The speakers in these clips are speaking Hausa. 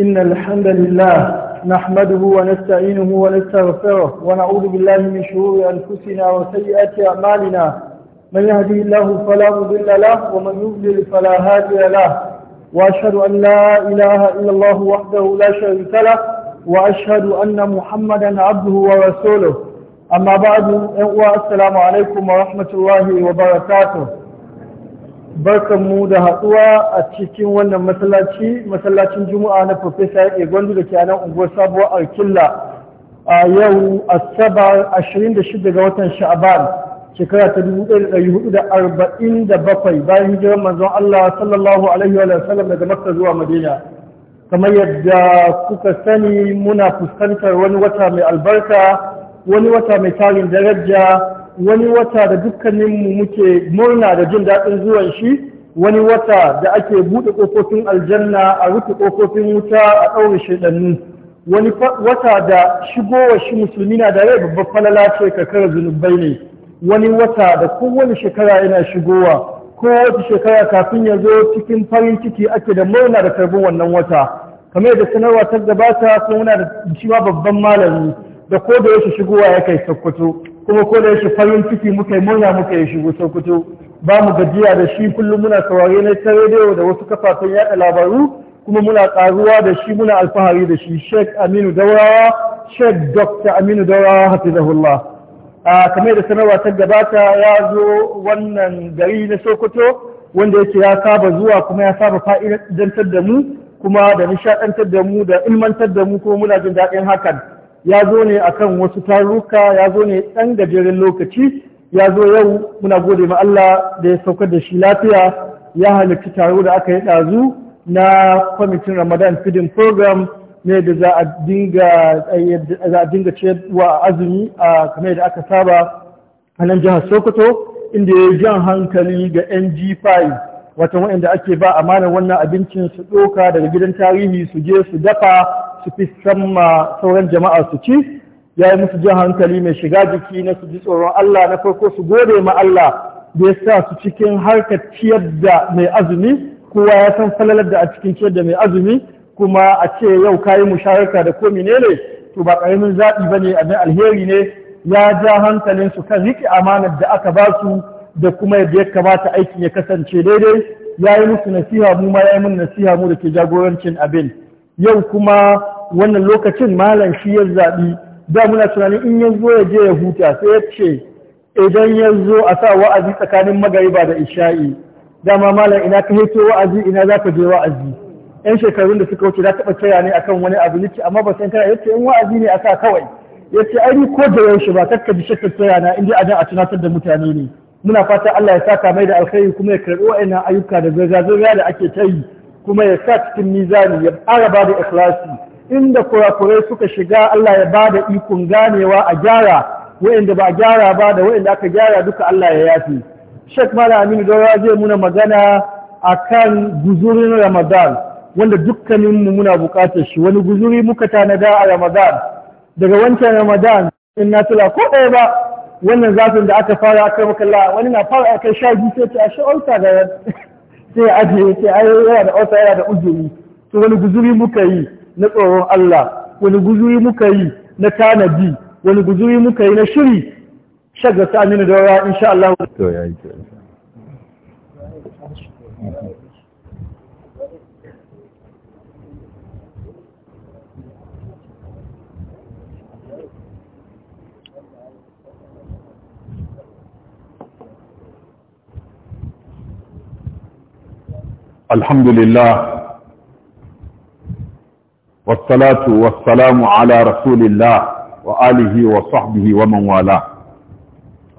إن الحمد لله نحمده ونستعينه ونستغفره ونعوذ بالله من شرور أنفسنا وسيئات أعمالنا من يهدي الله فلا مضل له ومن يضلل فلا هادي له وأشهد أن لا إله إلا الله وحده لا شريك له وأشهد أن محمدا عبده ورسوله أما بعد السلام عليكم ورحمة الله وبركاته barkan mu da haɗuwa a cikin wannan masallaci masallacin juma'a na profesa ya gwandu da ke a nan unguwar sabuwar alkilla a yau asabar 26 ga watan sha'aban shekara ta 1447 bayan hijirar manzon Allah sallallahu alaihi wa sallam daga makka zuwa madina kamar yadda kuka sani muna fuskantar wani wata mai albarka wani wata mai tarin daraja wani wata da dukkaninmu muke murna da jin daɗin zuwan shi wani wata da ake buɗe ƙofofin aljanna a rufe ƙofofin wuta a ɗaure shaidannu wani wata da shigowa shi musulmi na da rai babbar falala ce kakar zunubai ne wani wata da kowane shekara yana shigowa ko wata shekara kafin ya zo cikin farin ciki ake da murna da karbin wannan wata kamar da sanarwa ta gabata sun muna da shi babban malami da ko da yake shigowa ya kai sakkwato kuma ko da yake farin ciki muka yi murna muka yi shigo sokoto ba mu gajiya da shi kullum muna saurare na ta rediyo da wasu kafafen yaɗa labaru kuma muna ƙaruwa da shi muna alfahari da shi sheik aminu daurawa sheik dr aminu daurawa hafizahullah a kamar da sanarwa ta gabata ya zo wannan gari na sokoto wanda yake ya saba zuwa kuma ya saba fa'idantar da mu kuma da nishaɗantar da mu da ilmantar da mu kuma muna jin daɗin hakan ya zo ne a kan wasu taruka ya zo ne ɗan gajeren lokaci ya zo yau muna gode ma Allah da ya saukar da shi lafiya ya halarci taro da aka yi ɗazu na kwamitin Ramadan feeding program ne da za a dinga wa azumi a kamar da aka saba a nan jihar Sokoto inda ya jan hankali ga NG5 wata waɗanda ake ba amanar wannan abincin su ɗoka daga gidan tarihi su je su dafa su fi samma sauran jama'a su ci ya yi musu jan hankali mai shiga jiki na su ji tsoron Allah na farko su gode ma Allah da ya sa su cikin harkar ciyar da mai azumi kowa ya san falalar da a cikin ciyar da mai azumi kuma a ce yau kayi musharaka da ko ne to ba karamin zaɓi ba ne abin alheri ne ya ja hankalin su kan riƙe amanar da aka ba su da kuma yadda ya kamata aikin ya kasance daidai ya yi musu nasiha mu ma ya yi mun nasiha mu da ke jagorancin abin yau kuma wannan lokacin malam shi ya zaɓi da muna tunanin in ya zo ya je ya huta sai ya ce idan ya zo a sa wa'azi tsakanin magariba da isha'i dama malam ina ka hito wa'azi ina za ka je wa'azi yan shekarun da suka wuce za taɓa kira ne kan wani abu nake amma ba san kana yace in wa'azi ne a sa kawai yace ai ko da yaushe ba kakka bi shakka kira na inda jan a tunatar da mutane ne muna fata Allah ya saka mai da alkhairi kuma ya karɓi wa'annan ayyuka da zirga da ake ta yi kuma ya sa cikin mizani ya ƙara ba da ikhlasi inda kurakurai suka shiga Allah ya ba da ikon ganewa a gyara wa'inda ba a gyara ba da wa'inda aka gyara duka Allah ya yafi Sheikh Malam Aminu Daura zai muna magana akan guzurin Ramadan wanda dukkaninmu muna buƙatar shi wani guzuri muka tanada a Ramadan daga wancan Ramadan in na tula ko ɗaya ba wannan zafin da aka fara aka makalla wani na fara akai sha biyu sai ta ashe ga sai ajiye sai ai yana da osa yana da uzuri to wani guzuri muka yi na tsoron Allah wani guzuri muka yi na tanadi wani guzuri muka yi na shiri shagasa aminu da rawa insha Allah to yayi الحمد لله والصلاة والسلام على رسول الله وآله وصحبه ومن والاه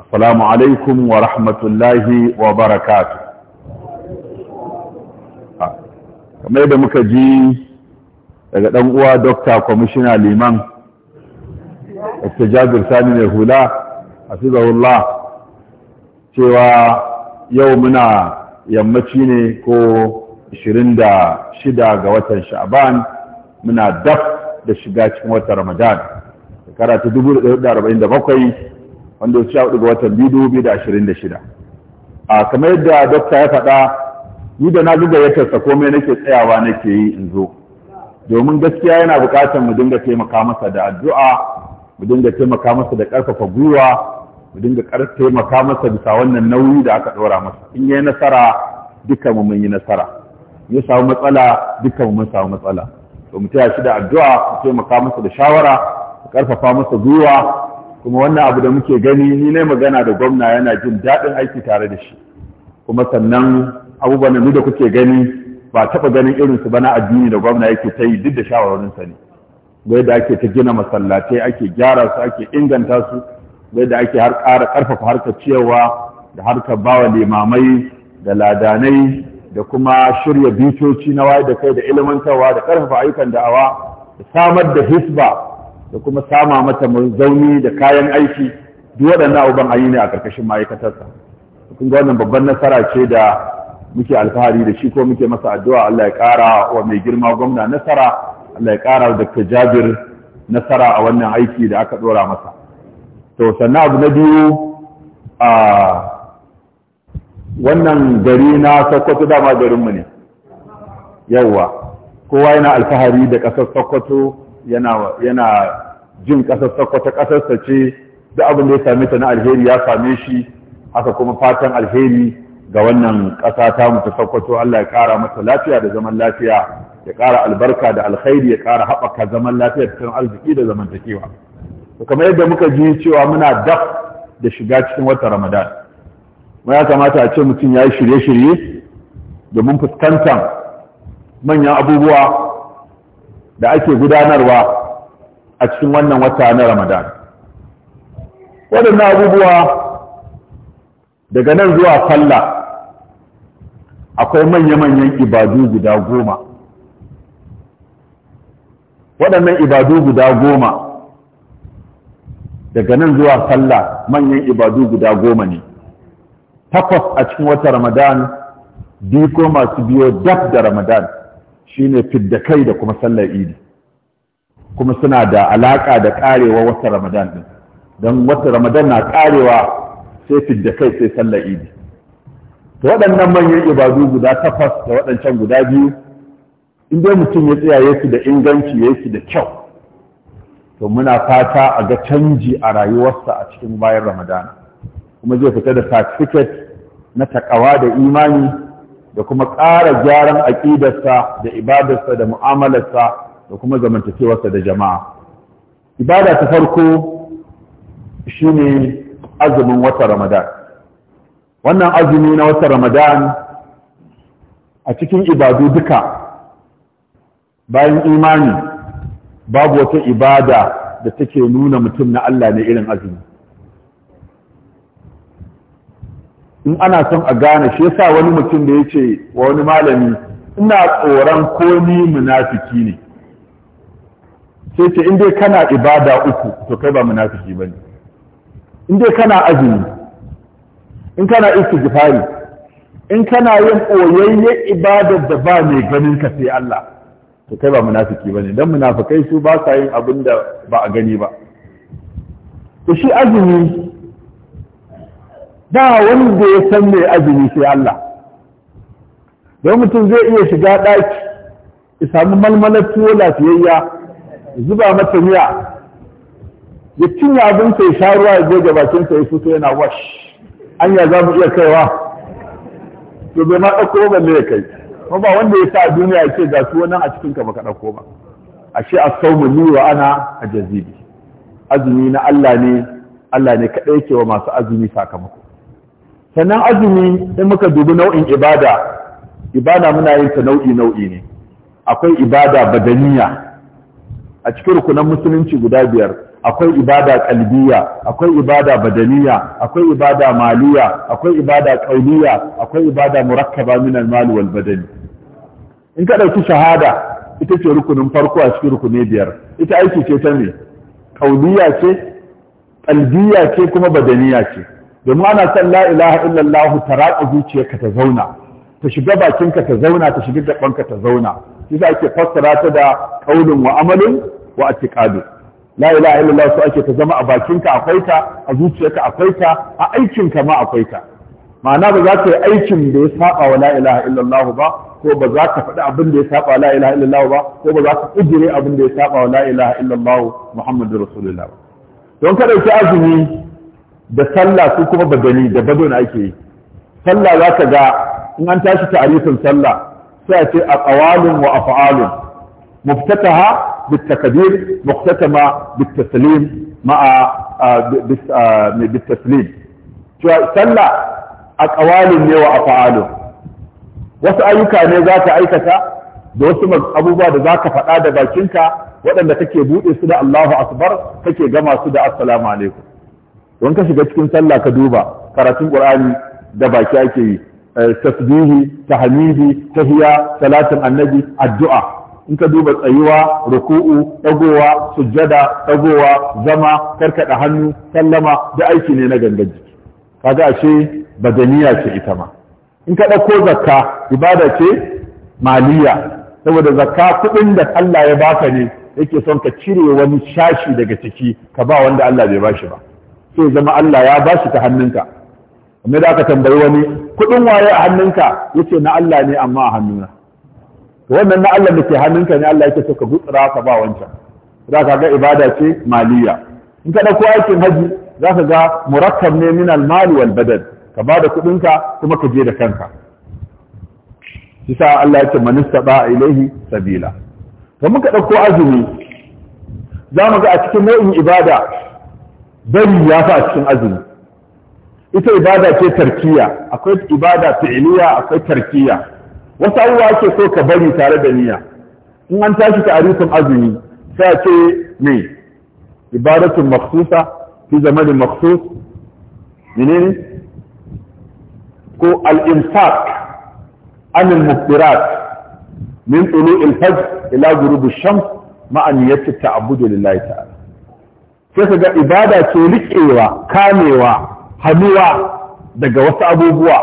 السلام عليكم ورحمة الله وبركاته kamar yadda muka ji daga ɗan uwa dokta kwamishina liman dr jabir sani mai hula a cewa yau muna yammaci ne ko 26 ga watan sha'ban muna daf da shiga cikin watan ramadan shekara ta 1447 wanda ya ga watan 2026 a kamar yadda dokta ya faɗa ni da na zuga ya tarsa komai nake tsayawa nake yi in zo domin gaskiya yana bukatar mu dinga taimaka masa da addu'a mu dinga taimaka masa da ƙarfafa gwiwa mu dinga ƙar taimaka masa bisa wannan nauyi da aka ɗora masa in yayi nasara duka mu mun yi nasara ya samu matsala duka mu mun samu matsala to mu taya shi da addu'a mu taimaka masa da shawara mu ƙarfafa masa gwiwa kuma wannan abu da muke gani ni ne magana da gwamna yana jin daɗin aiki tare da shi kuma sannan abubuwan da mu da kuke gani ba taɓa ganin irinsu ba na addini da gwamna yake ta yi duk da shawarwarinsa ne wai da ake ta gina masallatai ake gyara su ake inganta su da ake har ƙara ƙarfafa harkar ciyarwa da harkar bawa limamai da ladanai da kuma shirya bitoci na waye da kai da ilimantarwa da ƙarfafa ayyukan da'awa da samar da hisba da kuma sama mata zauni da kayan aiki duk waɗannan abubuwan an yi ne a ƙarƙashin ma'aikatarsa kun ga wannan babban nasara ce da muke alfahari da shi ko muke masa addu'a Allah ya ƙara wa mai girma gwamna nasara Allah ya ƙara wa Dr. Jabir nasara a wannan aiki da aka ɗora masa to sannan abu na biyu a wannan gari na sokoto dama garinmu ne yauwa kowa yana alfahari da ƙasar sokoto yana jin ƙasar sokoto ƙasarsa ce da abin da ya same ta na alheri ya same shi haka kuma fatan alheri ga wannan ƙasa ta mutu sokoto Allah ya ƙara masa lafiya da zaman lafiya ya ƙara albarka da alkhairi ya ƙara haɓaka zaman lafiya da arziki da zamantakewa to kamar yadda muka ji cewa muna daf da shiga cikin watan ramadan mu ya kamata a ce mutum ya yi shirye-shirye domin fuskantar manyan abubuwa da ake gudanarwa a cikin wannan wata na ramadan waɗannan abubuwa daga nan zuwa sallah akwai manya-manyan ibadu guda goma waɗannan ibadu guda goma daga nan zuwa sallah manyan ibadu guda goma ne takwas a cikin wata ramadan biko masu biyo daf da ramadan shine fidda kai da kuma sallar idi kuma suna da alaƙa da ƙarewa wata ramadan din don wata ramadan na ƙarewa sai fidda kai sai sallar idi to waɗannan manyan ibadu guda takwas da waɗancan guda biyu in mutum ya tsaya su da inganci ya su da kyau to muna fata a ga canji a rayuwarsa a cikin bayan ramadana kuma zai fita da certificate na takawa da imani da kuma ƙara gyaran aƙidarsa da ibadarsa da mu'amalarsa da kuma zamantakewarsa da jama'a ibada ta farko shine azumin wata ramadan wannan azumi na wata ramadan a cikin ibadu duka bayan imani babu wata ibada da take nuna mutum na Allah ne irin azumi in ana son a gane shi yasa wani mutum da yake wa wani malami ina tsoron ko ni munafiki ne sai ce in dai kana ibada uku to kai ba munafiki bane in dai kana azumi in kana istighfari in kana yin koyayyen ibadar da ba mai ganin ka sai Allah to kai ba munafiki bane dan munafikai su ba sa yin abin da ba a gani ba to shi azumi da wanda ya san mai azumi sai Allah don mutum zai iya shiga daki ya sami malmalar tuwo lafiyayya zuba mata miya ya cinye abin ya sha ruwa ya goge bakinsa ya to yana wash anya za mu iya kaiwa to bai ma ɗauko balle ya kai kuma ba wanda ya sa a duniya ya ce ga su wannan a cikin ka baka dauko ba ashe a sau mu wa ana jazibi azumi na Allah ne Allah ne kadai yake wa masu azumi sakamako sannan azumi in muka dubi nau'in ibada ibada muna yin ta nau'i nau'i ne akwai ibada badaniya a cikin rukunan musulunci guda biyar akwai ibada kalbiya akwai ibada badaniya akwai ibada maliya akwai ibada qauliya akwai ibada murakkaba min al-mal wal badani in ka dauki shahada ita ce rukunin farko a cikin rukuni biyar ita aiki ce ta ne qauliya ce qalbiya ce kuma badaniya ce domin ana san la ilaha ta taraka zuciyarka ta zauna ta shiga bakinka ta zauna ta shiga gabanka ta zauna shi ake fassara ta da qaulun wa amalin wa atiqadun la ilaha illallah su ake ta zama a bakinka akwai ta a zuciyarka akwai ta a aikinka ma akwai ta ma'ana ba za ka yi aikin da ya saba wa la ilaha illallah ba ko ba za ka faɗi abin da ya saba wa la ilaha illallah ba ko ba za ka kujire abin da ya saba wa la ilaha illallah muhammadu rasulullah don ka dauki azumi da sallah su kuma badani da badon ake yi sallah za ka ga in an tashi ta'arifin sallah sai a ce aqwalun wa af'alun muftataha بالتكبير مختتمة بالتسليم مع بالتسليم سلى أقوال وأفعال wasu ayyuka ne za ka aikata da wasu abubuwa da za ka faɗa da bakinka waɗanda kake buɗe su da Allahu Akbar kake gama su da Assalamu alaikum. Don ka shiga cikin sallah ka duba karatun Qur'ani da baki ake yi, tasbihi, tahmidi, tahiya, salatin annabi, addu'a. in ka duba tsayuwa ruku'u dagowa sujjada dagowa zama karkada hannu sallama da aiki ne na gangan jiki kaga ashe badaniya ce ita ma in ka dauko zakka ibada ce maliya saboda zakka kudin da Allah ya baka ne yake son ka cire wani shashi daga ciki ka ba wanda Allah bai bashi ba sai zama Allah ya bashi ta hannunka amma da aka tambayi wani kudin waye a hannunka yace na Allah ne amma a hannuna wannan na Allah da ke hannunka ne Allah yake so ka gutsura ka ba wancan za ka ga ibada ce maliya in ka ɗauko aikin haji za ka ga murakkab ne min al-mali wal badal ka ba da kuɗinka kuma ka je da kanka yasa Allah yake man istaba ilaihi sabila to muka ɗauko azumi za mu ga a cikin nau'in ibada bari ya fa a cikin azumi ita ibada ce tarkiya akwai ibada fi'iliya akwai tarkiya wasu abubuwa ake so ka bari tare da niyya in an tashi ta'arifin azumi sai ce me ibadatun makhsusa fi zamanin makhsus menene ko al-infaq an al-muftirat min tulu al-fajr ila ghurub ash-shams ma'a niyyati ta'abbudu lillahi ta'ala sai kaga ibada ce riƙewa kamewa hanuwa daga wasu abubuwa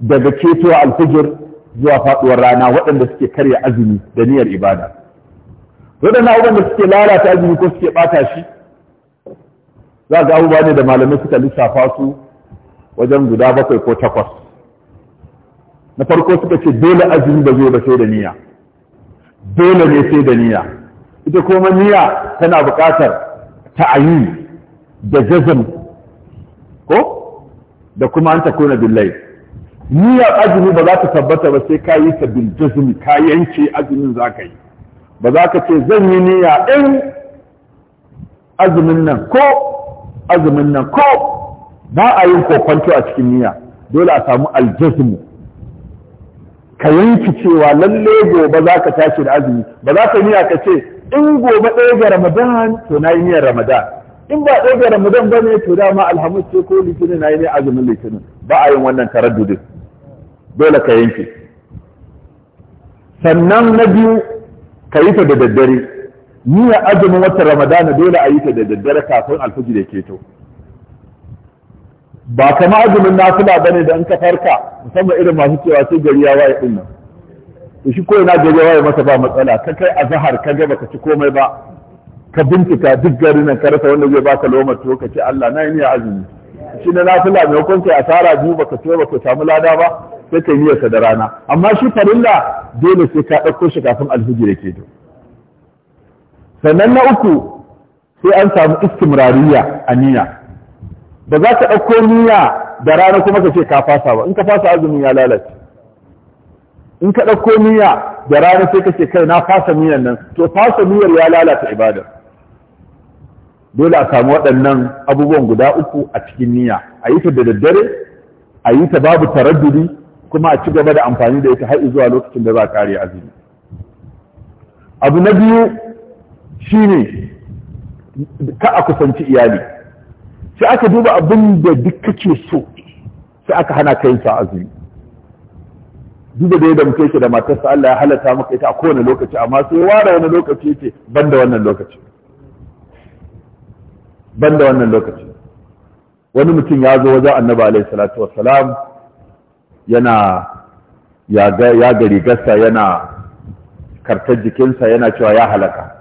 daga ceto al-fajr zuwa faduwar rana waɗanda suke karya azumi da niyyar ibada waɗanda waɗanda suke lalata azumi ko suke ɓata shi za ga abubuwa ne da malamai suka lissafa su wajen guda bakwai ko takwas na farko suka ce dole azumi ba zai ba sai da niyya dole ne sai da niyya ita kuma niyya tana buƙatar ta'ayi da jazam ko da kuma an takuna billahi niyyar azumi ba za ta tabbata ba sai ka yi ta bin jazumi ka yanke azumin za ka yi ba za ka ce zan yi niyya in azumin nan ko azumin nan ko ba a yin kokwanto a cikin niyya dole a samu aljazumi ka yanki cewa lalle gobe za ka tashi da azumi ba za ka niyya ka ce in gobe ɗaya ga ramadan to na yi niyyar ramadan in ba ɗaya ga ramadan ba ne to dama alhamis ce ko litinin na yi ne azumin litinin ba a yin wannan taraddudin dole ka yanke sannan na biyu ka yi ta da daddare niyyar azumin wata ramadana dole a yi ta da daddare kafin alfiji da keto ba kama azumin nafila ne da in ka farka musamman irin masu cewa sai gari ya waye ɗin nan to shi na gari ya waye masa ba matsala ka kai zahar ka ga ka ci komai ba ka bincika duk gari nan ka rasa wanda zai baka lomar to ka ce Allah na yi niyyar azumi shi na nafila mai hukunci asara biyu baka ce baka samu lada ba sai ka yi da rana amma shi farilla dole sai ka ɗauko shi kafin alfijir ke to sannan na uku sai an samu istimrariya a niyya ba za ka ɗauko niyya da rana kuma ka ce ka fasa ba in ka fasa azumin ya lalace in ka ɗauko niyya da rana sai ka ce kai na fasa niyyar nan to fasa niyyar ya lalata ibada dole a samu waɗannan abubuwan guda uku a cikin niyya a yi ta da daddare a yi ta babu taraddudi kuma a ci gaba da amfani da ita har zuwa lokacin da za a kare azumi abu na biyu shi ne, ka a kusanci iyali sai aka duba abin da duk kake so sai aka hana ka yin azumi duba da yadda muke yake da sa Allah ya halatta maka ita a kowane lokaci amma sai ware wani lokaci yake ban da wannan lokaci ban da wannan lokaci wani mutum ya zo wajen annabi alaihi salatu wassalam yana ya gari rigarsa yana kartar jikinsa yana cewa ya halaka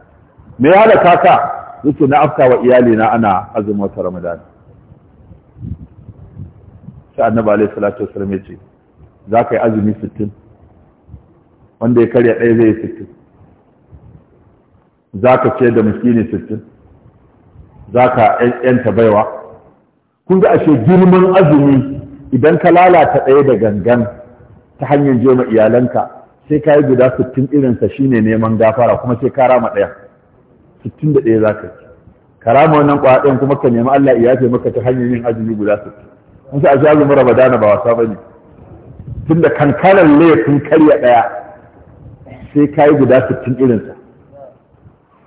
me ya halaka ka yake na afka wa iyalina ana azumin wata ramadan sai annabi alaihi salatu wasallam ya ce za ka yi azumi sittin? wanda ya karya ɗaya zai yi sittin? za ka ce da miskini sittin? za ka yanta baiwa kun ga ashe girman azumi idan ka lalata ɗaya da gangan ta hanyar jema iyalanka sai ka yi guda 60 irinsa shine neman gafara kuma sai ka rama ɗaya 61 za ka ci ka rama wannan ƙwaya ɗayan kuma ka nemi Allah iya ce maka ta hanyar yin azumi guda 60 musu a shagu mara badana ba wasa bane tun da kankanar laifin karya ɗaya sai ka yi guda 60 irinsa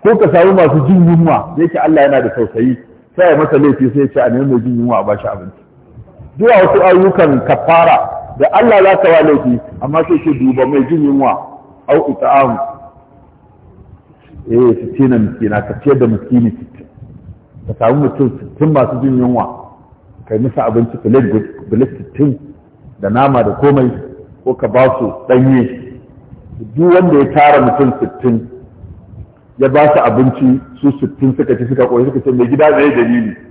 ko ka samu masu jin yunwa da yake Allah yana da tausayi sai ya masa laifi sai ya ce a nemi mai jin yunwa a bashi abinci zuwa wasu ayyukan kafara da Allah za ka wa laifi amma sai ke duba mai jin yunwa au ita'am eh sittina miskina ka ce da miskini sittin ka samu mutum sittin masu jin yunwa yi musu abinci filet sittin da nama da komai ko ka ba su ɗanye duk wanda ya tara mutum sittin ya ba su abinci su sittin suka ci suka koyi suka ce mai gida zai dalili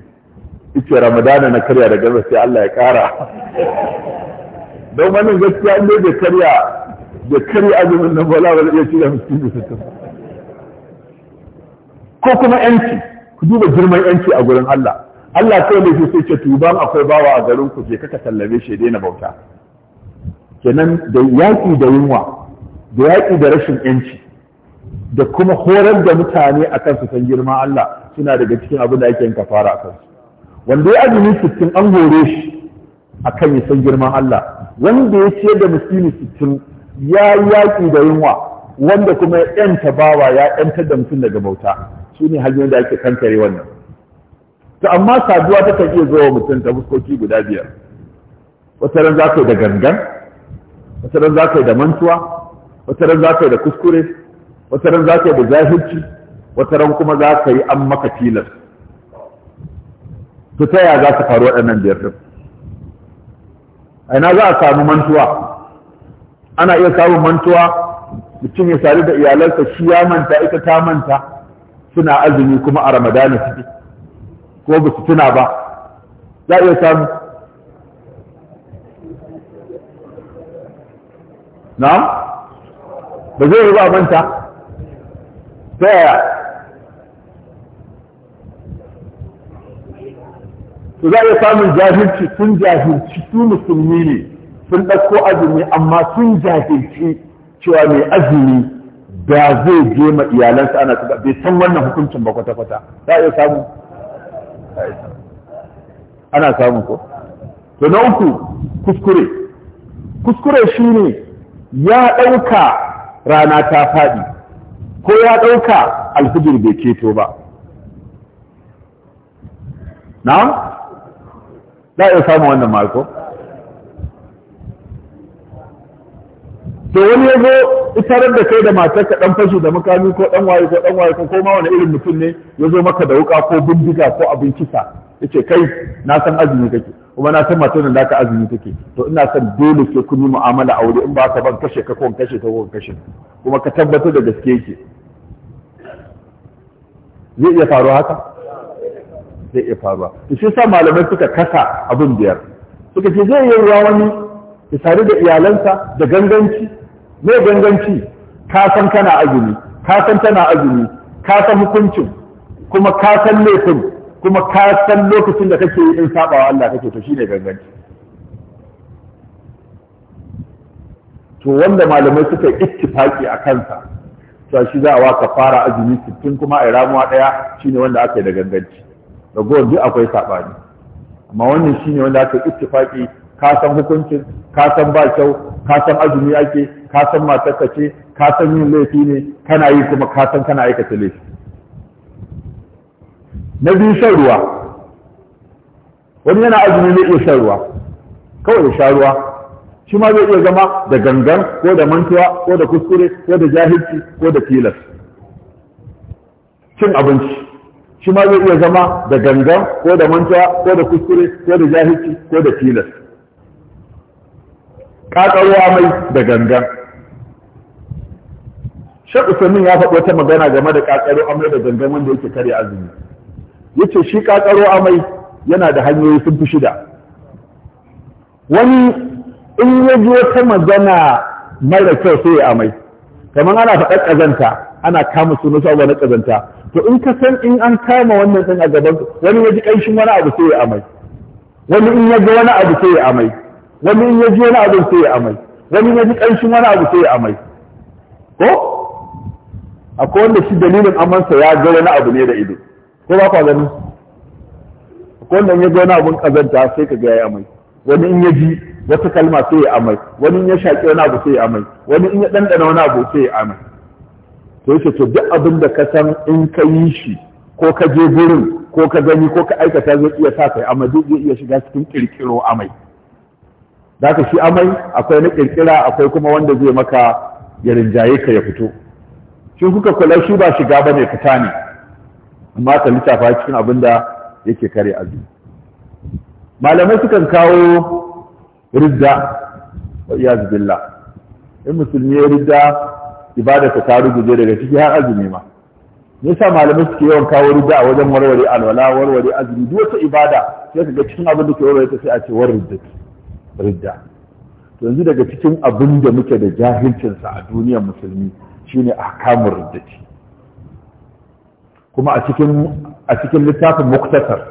ita ramadana na karya da gaza sai Allah ya kara don wannan gaskiya ne da karya da karya azumin nan bala ba zai iya miskin da sittin ko kuma yanci ku duba girman yanci a gurin Allah Allah kai ne sai ce tuban akwai bawa a garin ku je kaka sallame shi daina bauta kenan da yaki da yunwa da yaki da rashin yanci da kuma horar da mutane akan su san girma Allah suna daga cikin abin da yake kafara akan su. wanda ya azumi sittin an hore shi a kan ya san girman Allah wanda ya ce da musulmi sittin ya yaƙi da yunwa wanda kuma ya ‘yanta bawa ya ‘yantar da mutum daga bauta su ne hanyoyin da ake kankare wannan to amma saduwa ta kan iya wa mutum ta fuskoki guda biyar wata ran za ka yi da gangan wata ran za ka yi da mantuwa wata ran za ka yi da kuskure wata ran za ka yi da zahirci wata ran kuma za ka yi an maka tilas to ta yaya za su faru waɗannan biyar ɗin a ina za a samu mantuwa ana iya samun mantuwa mutum ya sadu da iyalansa shi ya manta ita ta manta suna azumi kuma a ramadana suke ko ba su tuna ba za a iya samu na ba zai yi ba manta ta yaya to za a iya samun jahilci sun jahilci su musulmi ne sun ɗauko azumi amma sun jahilci cewa mai azumi da zai je ma iyalansa ana tuba bai san wannan hukuncin ba kwata-kwata za a iya samu ana samu ko to na uku kuskure kuskure shi ne ya ɗauka rana ta faɗi ko ya ɗauka alfijir bai keto ba na za a iya samun wannan mako to wani ya zo itarar da kai da matar ka dan fashi da makami ko dan waye ko dan waye ko koma wani irin mutum ne ya zo maka da wuka ko bindiga ko abin kisa yace kai na san azumi kake kuma na san matar da ka azumi take to ina san dole ke kun yi mu'amala a wuri in ba ka ban kashe ka ko kashe ka ko kashe kuma ka tabbatar da gaske yake zai iya faru haka zai iya faruwa to shi sa malamai suka kasa abin biyar suka ce zai yi ruwa wani ya sadu da iyalansa da ganganci me ganganci ka san kana azumi ka san tana azumi ka san hukuncin kuma ka san laifin kuma ka san lokacin da kake yi in sabawa Allah kake to shine ganganci to wanda malamai suka ittifaki a kansa to shi za a waka fara azumi 60 kuma a ramuwa daya shine wanda aka yi da ganganci ragowar duk akwai saɓani amma wannan shine wanda aka ittifaki ka san hukuncin ka san ba kyau ka san azumi ake ka san matarka ce ka san yin laifi ne kana yi kuma ka san kana aikata laifi na biyu shan ruwa wani yana azumi ne iya shan ruwa kawai da sha ruwa shi ma zai iya zama da gangan ko da mantuwa ko da kuskure ko da jahilci ko da tilas cin abinci shi ma zai iya zama da gangan ko da manta ko da kuskure ko da jahilci ko da tilas ƙaƙarwa mai da gangan shaɗu samin ya faɗi wata magana game da ƙaƙaro amai da gangan wanda yake kare azumi ya ce shi ƙaƙaro amai yana da hanyoyi sun fi shida wani in ya ji wata magana mara kyau sai ya amai kamar ana faɗar ƙazanta ana kama sunan sa na ƙazanta to in ka san in an kama wannan din a gaban wani ya ji ƙanshin wani abu sai ya amai wani in ya ji wani abu sai ya amai wani in ya ji wani abu sai ya amai wani ya ji ƙanshin wani abu sai ya amai ko akwai wanda shi dalilin amansa ya ga wani abu ne da ido ko ba ka gani akwai wanda in ya ga wani abun kazanta sai ka ga ya amai wani in ya ji wata kalma sai ya amai wani in ya shaƙi wani abu sai ya amai wani in ya ɗanɗana wani abu sai ya amai to yake to duk abin da ka san in ka yi shi ko ka je gurin ko ka gani ko ka aikata zai iya sa kai amma zai iya shiga cikin kirkiro amai da ka shi amai akwai na kirkira akwai kuma wanda zai maka ya rinjaye ka ya fito shin kuka kula shi ba shiga bane fita ne amma ka littafa cikin abin da yake kare azumi malamai sukan kawo ridda wa iyaz billah in musulmi ya ridda ibadarsa ta ruguje daga ciki har azumi ma me yasa malamai suke yawan kawo rida a wajen warware alwala warware azumi duk wata ibada sai ka ga cikin abin da ke warware ta sai a ce war ridda yanzu daga cikin abin da muke da jahilcin sa a duniyar musulmi shine ahkamur riddati kuma a cikin a cikin littafin muktasar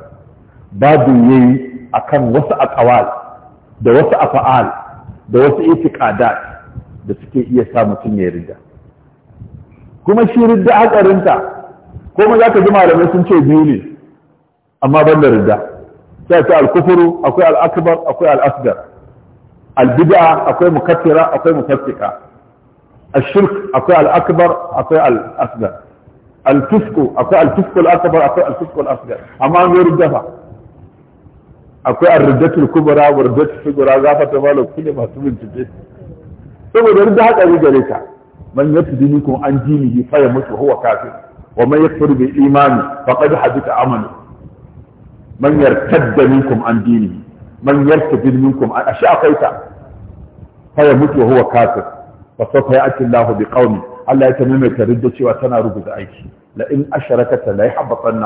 babu yayi akan wasu aqwal da wasu afa'al da wasu itiqadat da suke iya sa mutum ya rida kuma shi ridda hatsarinta kuma za ka ji malamai sun ce biyu ne amma ban da ridda sai ta alkufuru akwai al'akbar akwai al'asgar albid'a akwai mukaffira akwai mufassika ashirk akwai al'akbar akwai al'asgar alfisku akwai alfisku al'akbar akwai alfisku al'asgar amma an zo ridda fa akwai arriddatul kubra wa riddatul sugura za ta tabalo kullu masu bincike saboda ridda hatsari gare ka man yabtadi minkum an dinihi fa yamutu huwa kafir wa man yakfur bil imani faqad habita amalu man yartadda minkum an dinihi man yartadi minkum an ashaqaita fa yamutu huwa kafir fa sawfa ya'ti Allahu bi qaumin Allah ya ta ta ridda cewa tana rubuta aiki in asharakata la yahbatanna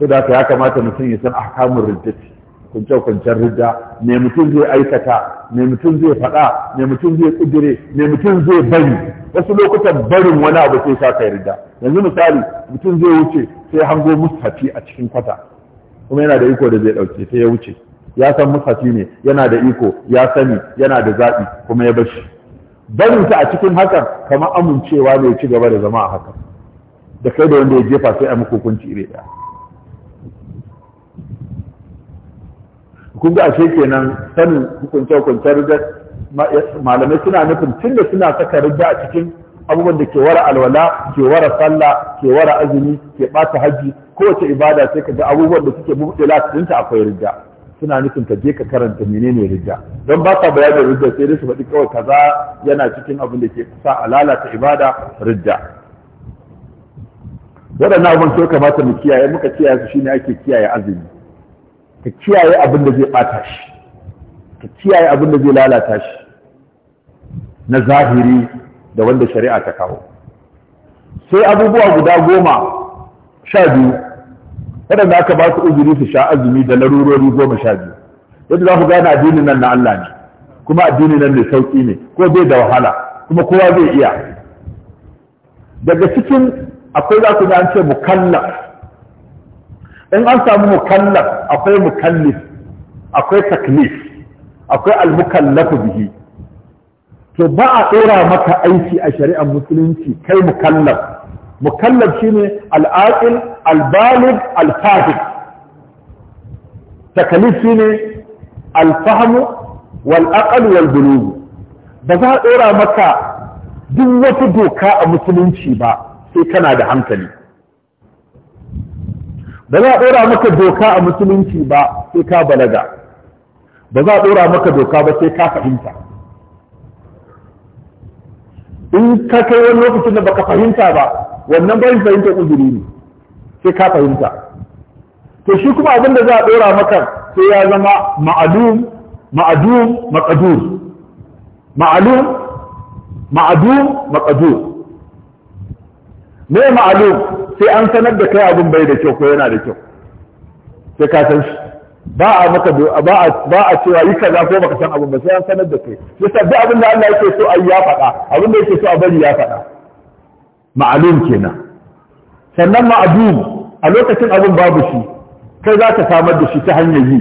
ya kamata mutum ya san ahkamur riddati kunce-kuncen rida me mutum zai aikata me mutum zai faɗa me mutum zai kudire me mutum zai bari wasu lokutan barin wani abu sai sa kai rida yanzu misali mutum zai wuce sai hango mustafi a cikin kwata kuma yana da iko da zai ɗauke sai ya wuce ya san mustafi ne yana da iko ya sani yana da zaɓi kuma ya bashi barin ta a cikin hakan kamar amincewa ne ya ci gaba da zama a hakan da kai da wanda ya jefa sai a muku hukunci iri ɗaya kun ga ashe kenan sanin hukunce hukunce rida malamai suna nufin tun da suna saka rida a cikin abubuwan da ke wara alwala ke wara sallah ke wara azumi ke bata haji kowace ibada sai ka ga abubuwan da suke mubtila cikin ta akwai rida suna nufin ka je ka karanta menene rida don ba ka bayanin rida sai dai su faɗi kawai kaza yana cikin abin da ke sa a lalata ibada rida waɗannan abubuwan sai kamata mu kiyaye muka kiyaye su shine ake kiyaye azumi ka kiyaye abin da zai ɓata shi ka kiyaye abin da zai lalata shi na zahiri da wanda shari'a ta kawo sai abubuwa guda goma sha biyu waɗanda aka ba su uzuri su sha azumi da larurori goma sha biyu yadda za ku gane addini nan na Allah ne kuma addini nan ne sauƙi ne ko bai da wahala kuma kowa zai iya daga cikin akwai za ku ga an ce mukallaf in an samu mukallaf akwai mukallif akwai taklif akwai almukallafu bihi to ba a ɗora maka aiki a shari'ar musulunci kai mukallaf mukallaf shine al'aqil albalig alfahim taklif shine alfahmu wal aql wal bulugh ba za a ɗora maka duk wata doka a musulunci ba sai kana da hankali ba za a ɗora maka doka a musulunci ba sai ka balaga ba za a ɗora maka doka ba sai ka fahimta in ka kai wani lokacin da baka fahimta ba wannan bayan fahimta uzuri ne sai ka fahimta to shi kuma abin da za a ɗora maka sai ya zama ma'adum ma'adum maqadur ma'alum ma'adum maqadur me ma'alum sai an sanar da kai abin bai da kyau ko yana da kyau sai ka san shi ba a maka ba a cewa yi kaza ko baka san abin ba sai an sanar da kai yasa duk abin da Allah yake so ai ya faɗa abin da yake so a bari ya faɗa ma'alum kenan sannan ma'adum a lokacin abin babu shi kai za ka samar da shi ta hanyar yi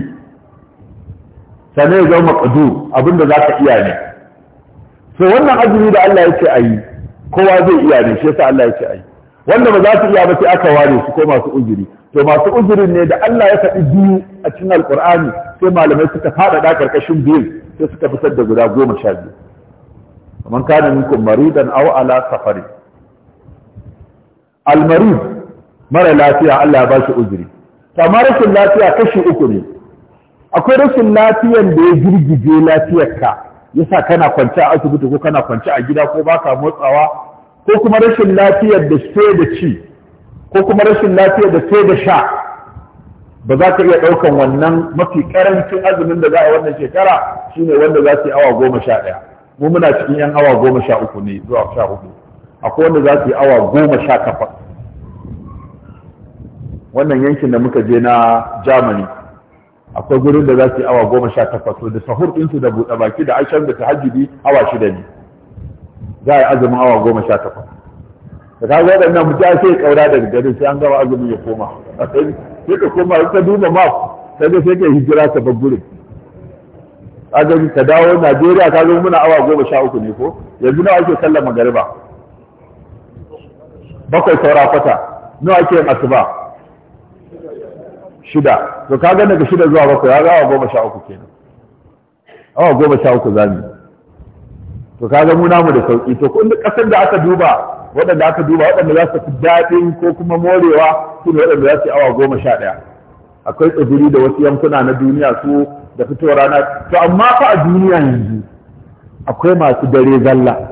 sannan ya zama maqdur abin da za ka iya ne so wannan azumi da Allah yake ayi kowa zai iya ne shi yasa Allah yake ayi wanda ba za su iya ba sai aka ware su ko masu uzuri to masu uzurin ne da Allah ya faɗi biyu a cikin alkur'ani sai malamai suka faɗaɗa ƙarƙashin biyu sai suka fitar da guda goma sha biyu kamar kana minkum maridan aw ala safari almarid mara lafiya Allah ya ba shi uzuri kamar rashin lafiya kashi uku ne akwai rashin lafiyan da ya girgije lafiyarka yasa kana kwance a asibiti ko kana kwance a gida ko baka motsawa ko kuma rashin lafiyar da sai da ci ko kuma rashin lafiyar da sai da sha ba za ka iya ɗaukan wannan mafi karancin azumin da za a wannan shekara shine wanda za su yi awa goma sha ɗaya mu muna cikin yan awa goma sha uku ne zuwa sha hudu akwai wanda za su yi awa goma sha takwas wannan yankin da muka je na germany akwai gurin da za su yi awa goma sha takwas da sahur ɗinsu da buɗe baki da ashirin da tahajjudi awa shida ne za a yi azumin awa goma sha takwas da ka ga waɗannan a sai ƙaura da garin sai an gama azumin ya koma sai ka koma in ka duba map sai ga sai ka hijira ta babburin azumi ka dawo Najeriya ka zo muna awa goma sha uku ne ko yanzu nawa ake sallar magariba bakwai saura kwata nawa ake yin asuba shida to ka ga daga shida zuwa bakwai ya ga awa goma sha uku kenan awa goma sha uku zamu to kaga mu namu da sauki to kun kasar da aka duba waɗanda aka duba waɗanda za su fi daɗin ko kuma morewa su ne waɗanda za su yi awa goma sha ɗaya akwai tsibiri da wasu yankuna na duniya su da fitowar rana to amma fa a duniya yanzu akwai masu dare zalla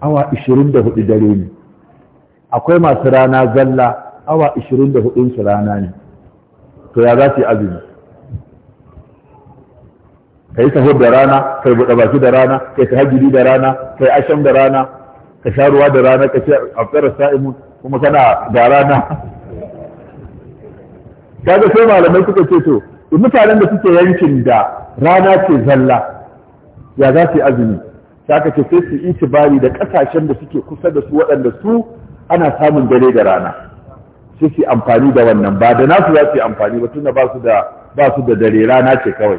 awa ishirin da hudu dare ne akwai masu rana zalla awa ishirin da hudun su rana ne to ya za su yi azumi Ka yi sahur da rana kai buɗe baki da rana kai tahajjudi da rana kai asham da rana ka sha ruwa da rana ka ce afkara sa'imun kuma kana da rana kaga sai malamai suka ce to mutanen da suke yankin da rana ce zalla ya za su yi azumi saka ce sai su yi itibari da kasashen da suke kusa da su waɗanda su ana samun dare da rana sai su amfani da wannan ba da nasu za su yi amfani ba tunda ba su da ba su da dare rana ce kawai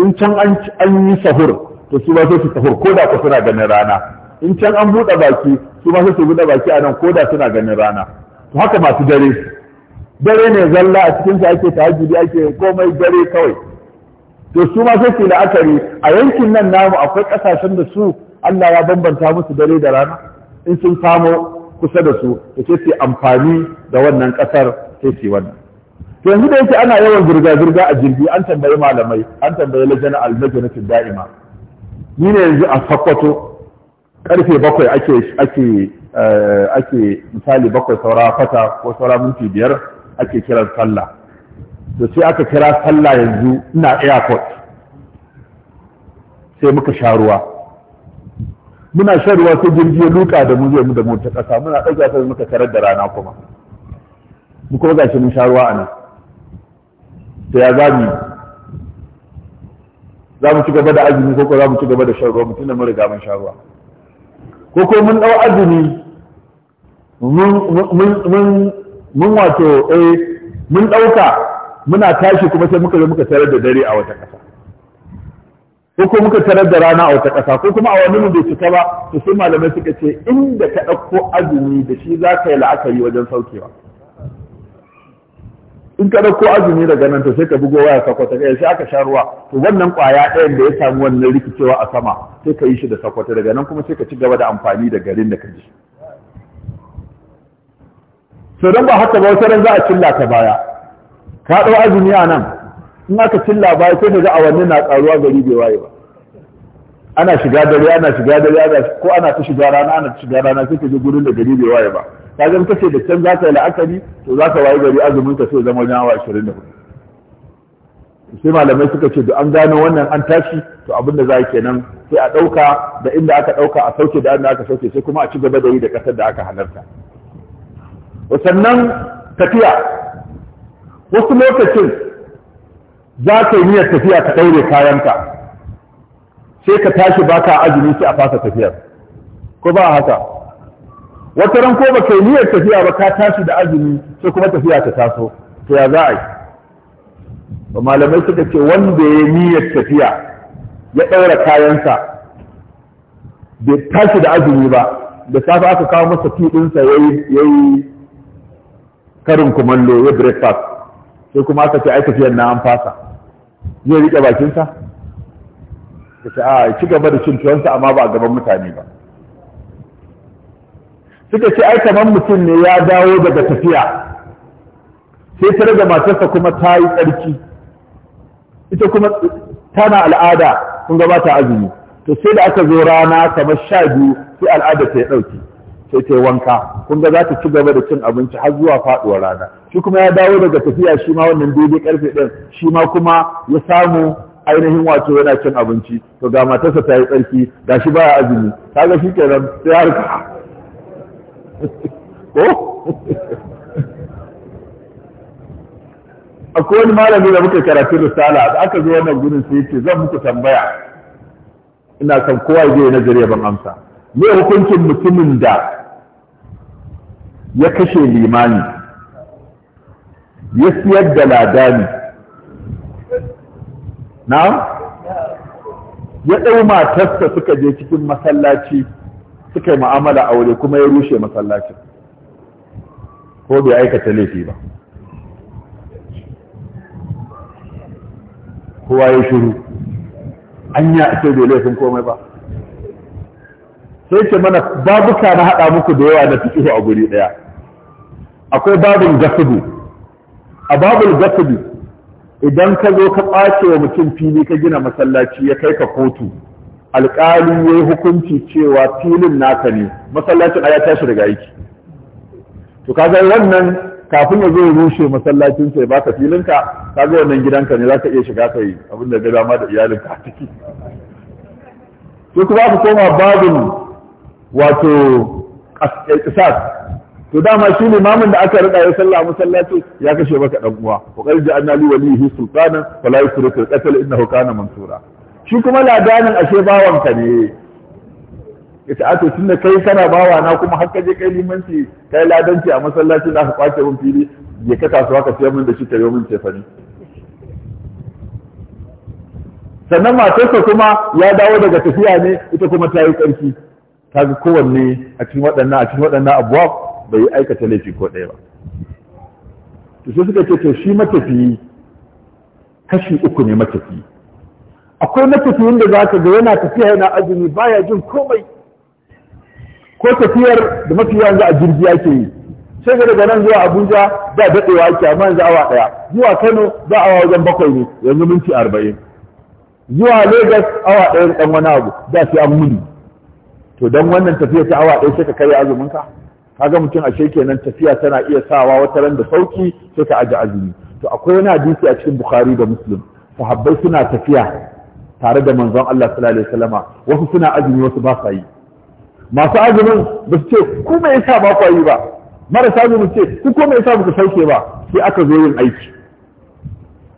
in can an yi sahur to su ba sai su sahur ko da ku suna ganin rana in can an buɗe baki su ba sai su buɗe baki a nan ko da suna ganin rana to haka masu dare dare ne zalla a cikin sa ake tahajjudi ake komai dare kawai to su ma sai su la'akari a yankin nan namu akwai kasashen da su Allah ya bambanta musu dare da rana in sun samu kusa da su sai su amfani da wannan kasar sai su wannan to yanzu da yake ana yawan zirga-zirga a jirgi an tambayi malamai an tambayi lajana almajinatin da'ima ni ne yanzu a sakwato karfe bakwai ake ake eh, ake misali bakwai saura fata ko saura minti biyar ake kiran sallah to sai aka kira sallah yanzu ina airport sai muka sha ruwa muna shan ruwa sai jirgi ya luka da mu zai mu da mu ta kasa muna ɗaga sai muka tarar da rana kuma mu kuma gashi mun sha ruwa a nan ta ya za mu za mu ci gaba da azumi ko ko za mu ci gaba da shan ruwa mutum da mun riga mun sha ruwa ko ko mun dau azumi mun mun wato eh mun dauka muna tashi kuma sai muka zo muka tarar da dare a wata ƙasa ko ko muka tarar da rana a wata ƙasa ko kuma a wani mun bai cika ba to sai malamai suka ce inda ka dauko azumi da shi za ka yi la'akari wajen saukewa in ka dauko azumi daga nan to sai ka bugo waya sakwata ɗaya sai aka sha ruwa to wannan ƙwaya ɗayan da ya samu wannan rikicewa a sama sai ka yi shi da sakwata daga nan kuma sai ka ci gaba da amfani da garin da ka ji so don ba haka ba wata ran za a cilla ka baya ka ɗau azumi a nan in aka cilla baya sai ka ga awanni na ƙaruwa gari bai waye ba ana shiga dare ana shiga dare ana ko ana ta shiga rana ana ta shiga rana sai ka je gurin da gari bai waye ba ka zan kace da can za ka yi la'akari to za ka wayi gari azumin ka sai zama yawa 24 sai malamai suka ce da an gano wannan an tashi to abin da za a kenan sai a ɗauka da inda aka ɗauka a sauke da inda aka sauke sai kuma a ci gaba da yi da ƙasar da aka halarta sannan tafiya wasu lokacin za ka yi niyyar tafiya ka ɗaure kayanka sai ka tashi baka azumi sai a fasa tafiyar ko ba haka wata ran ko baka yi niyyar tafiya ba ka tashi da azumi sai kuma tafiya ta taso to ya za a yi ba malamai suka ce wanda ya niyyar tafiya ya ɗaura kayansa bai tashi da azumi ba da safe aka kawo masa fiɗinsa ya yi karin kumallo ya breakfast sai kuma aka ce ai tafiyar na an fasa zai riƙe bakinsa ya ce a ci gaba da cin tuwansa amma ba a gaban mutane ba suka ce ai kamar mutum ne ya dawo daga tafiya sai ta da matarsa kuma ta yi tsarki ita kuma tana al'ada kun gabata azumi to sai da aka zo rana kamar sha biyu sai al'ada ta ya ɗauki sai ta yi wanka kun ga za ta ci gaba da cin abinci har zuwa faɗuwar rana shi kuma ya dawo daga tafiya shi ma wannan daidai karfe ɗin shi ma kuma ya samu ainihin wato yana cin abinci to ga matarsa ta yi tsarki ga shi baya azumi kaga shi kenan sai harka ko akwai wani malami da muka karatu risala da aka zo wannan gurin sai ce zan muku tambaya ina son kowa zai nazari ban amsa me hukuncin mutumin da ya kashe limani ya siyar da ladani na ya ɗau matarsa suka je cikin masallaci suka yi a aure kuma ya rushe masallacin ko bai aikata laifi ba kowa ya shiru an yi a bai laifin komai ba sai ce mana babuka na haɗa muku da yawa na ihu a guri ɗaya akwai babin gasubu a babin gasubu idan ka zo ka ɓace wa mutum fili ka gina masallaci ya kai ka kotu alƙali ya yi hukunci cewa filin naka ne masallacin ya tashi daga aiki to kaga wannan kafin ya zo ya rushe masallacin sai baka filinka kaga wannan gidanka ne zaka iya shiga kai abin da ga dama da iyalinka a ciki to kuma ku koma babin wato qisas to dama shi mamun da aka rika ya sallah masallaci ya kashe maka dan uwa wa qad ja'alna li walihi sultana fala yusrifu qatl innahu kana mansura shi kuma ladanin ashe bawanka ne ya ce ato tunda da kai kana bawa na kuma har ka je kai limanci kai ladanci a masallaci za ka kwace mun fili je ka kasuwa ka sayar min da shi ka yi min tefani. sannan matarsa kuma ya dawo daga tafiya ne ita kuma ta yi ƙarfi ta ga kowanne a cikin waɗannan a cikin waɗannan abuwa bai aikata laifi ko ɗaya ba to sai suka ce to shi matafiyi kashi uku ne matafiyi akwai matafiyin da za ka ga yana tafiya yana azumi baya jin komai ko tafiyar da mafi yanzu a jirgi ake yi sai ga daga nan zuwa abuja da daɗewa ake amma yanzu awa ɗaya zuwa kano za awa wajen bakwai ne yanzu minti arba'in zuwa lagos awa ɗaya ɗan wani abu za su an muni to don wannan tafiya ta awa ɗaya sai ka karya azuminka kaga mutum ashe kenan tafiya tana iya sawa wata ran da sauki sai ka aji azumi to akwai wani hadisi a cikin bukhari da muslim sahabbai suna tafiya tare da manzon Allah sallallahu alaihi wasallama wasu suna azumi wasu ba sa yi masu azumin ba su ce ku me yasa ba ku yi ba marasa azumin ce ku ko me yasa ku sauke ba sai aka zo yin aiki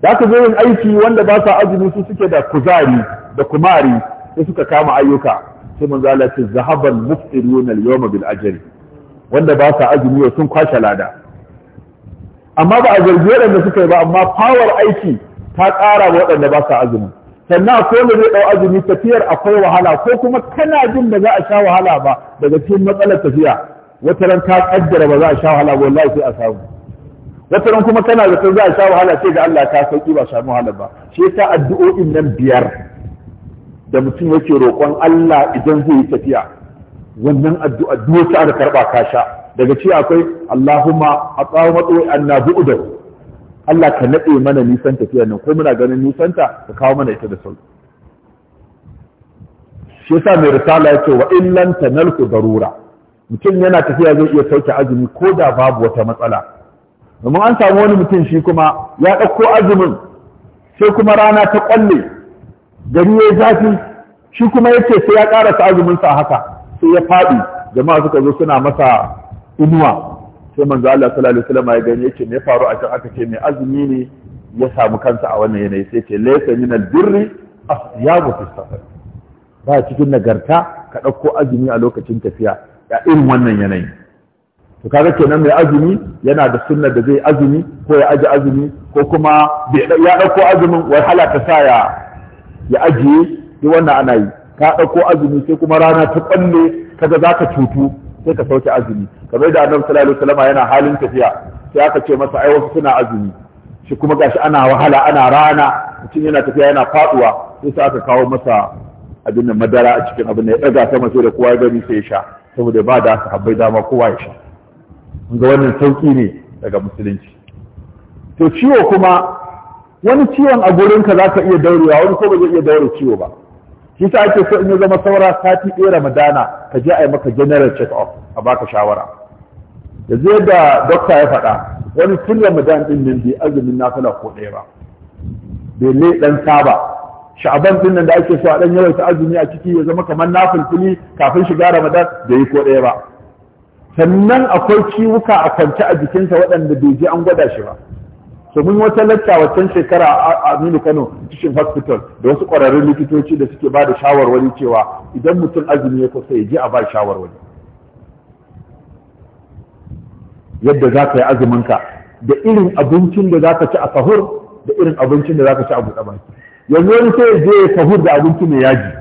da aka zo yin aiki wanda ba sa azumi su suke da kuzari da kumari sai suka kama ayyuka sai manzo Allah ce zahaban muftirun al-yawma bil ajri wanda ba sa azumi sun kwashe lada amma ba a zargi waɗanda suka yi ba amma power aiki ta ƙara wa waɗanda ba sa azumi sannan akwai wanda zai ɗau azumi tafiyar akwai wahala ko kuma kana jin ba za a sha wahala ba daga cikin matsalar tafiya wata ran ta kaddara ba za a sha wahala ba wallahi sai a samu wata ran kuma kana da za a sha wahala sai ga Allah ta sauki ba sha wahala ba shi yasa addu'o'in nan biyar da mutum yake roƙon Allah idan zai yi tafiya wannan addu'a duk wata aka karba ka sha daga ci akwai Allahumma atsawu matsu'i da. Allah ka naɗe mana nisan tafiya nan ko muna ganin nisanta ka kawo mana ita da sauki shi yasa mai risala ya ce wa in lam tanalku darura mutum yana tafiya zai iya sauke azumi ko da babu wata matsala domin an samu wani mutum shi kuma ya ɗauko azumin sai kuma rana ta ƙwalle gari ya zafi shi kuma ya ce sai ya ƙarasa azuminsa haka sai ya faɗi jama'a suka zo suna masa inuwa sai manzo Allah sallallahu alaihi wasallam ya gani yace me faru a can aka ce mai azumi ne ya samu kansa a wannan yanayi sai ce laysa min birri asyabu fi safar ba cikin nagarta ka dauko azumi a lokacin tafiya Ya irin wannan yanayi to kaga kenan mai azumi yana da sunna da zai azumi ko ya aji azumi ko kuma ya dauko azumin wahala ta sa ya ya ajiye ya wannan ana yi ka dauko azumi sai kuma rana ta kwalle kaga zaka cutu sai ka sauke azumi kamar da annabi sallallahu alaihi wasallam yana halin tafiya sai aka ce masa ai wasu suna azumi shi kuma gashi ana wahala ana rana mutum yana tafiya yana faduwa sai sa aka kawo masa abin nan madara a cikin abin da ya daga sama sai da kowa ya gani sai ya sha saboda ba da sahabbai dama kowa ya sha ga wannan sauki ne daga musulunci to ciwo kuma wani ciwon a gurinka za ka iya daurewa wani ko ba zai iya daure ciwo ba shi sa ake so in ya zama saura sati ɗaya ramadana ka je a yi maka general check up a baka shawara yanzu da dokta ya faɗa wani tun ramadan ɗin nan bai azumin nafila ko ɗaya ba bai le ɗan saba sha'aban ɗin nan da ake so a ɗan ta azumi a ciki ya zama kamar nafilfili kafin shiga ramadan bai yi ko ɗaya ba sannan akwai ciwuka a kwance a jikinsa waɗanda bai je an gwada shi ba to mun wata lacca waccan shekara a Aminu Kano Teaching hospital da wasu ƙwararrun likitoci da suke ba da shawarwari cewa idan mutum azumi ya kusa ya je a ba shawarwari yadda za ka yi azuminka da irin abincin da za ka ci a sahur da irin abincin da za ka ci a buɗe baki yanzu wani sai ya je ya sahur da abinci mai yaji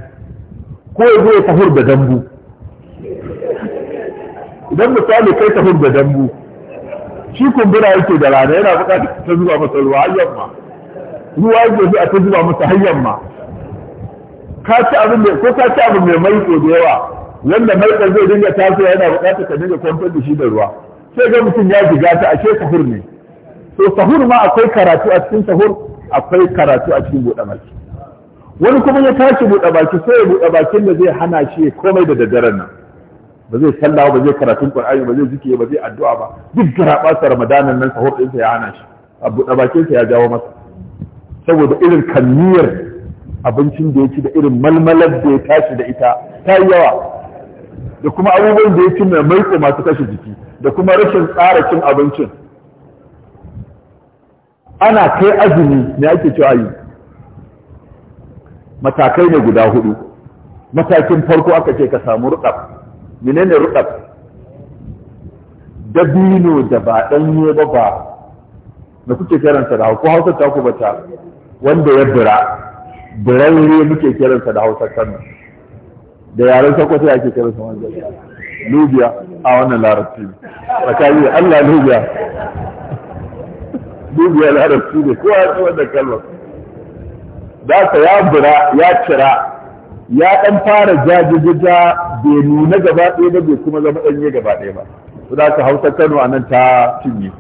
ko ya je ya sahur da dambu idan misali kai sahur da dambu shi kumbura yake da rana yana buƙatar ta zuba masa ruwa yamma ruwa yake zuwa ta zuba masa har yamma ka ci abin da ko ka ci abin mai ko da yawa wanda mai ko zai dinga tasowa yana buƙatar ka dinga kwantar da shi da ruwa sai ga mutum ya jiga ta ashe sahur ne to sahur ma akwai karatu a cikin sahur akwai karatu a cikin buɗe baki wani kuma ya tashi buɗe baki sai ya buɗe bakin da zai hana shi komai da daddaren nan ba zai sallah ba zai karatun qur'ani ba zai zikiri ba zai addu'a ba duk garaba sa ramadanan nan sahur din ya hana shi abu da bakin ya jawo masa saboda irin kanniyar abincin da ya ci da irin malmalar da ya tashi da ita ta yi yawa da kuma abubuwan da ya ci mai maiko masu kashe jiki da kuma rashin tsara cin abincin ana kai azumi ne ake cewa yi matakai ne guda hudu matakin farko aka ce ka samu rukab menene rudab dabino da ba ɗanye ba ba da kuke kiransa da hausa hausa ta ku bata wanda ya bira birarre muke kiransa da hausa kan da yaren sai ake kiransa wanda lubiya a wannan larabci tsakani allah lubiya lubiya larabci ne kowa ya wanda kalmar da ta ya bira ya cira ya dan fara jajijija bai nuna gaba ɗaya ba bai kuma zama ɗanye gaba ɗaya ba su da ka hausa kano a nan ta cinye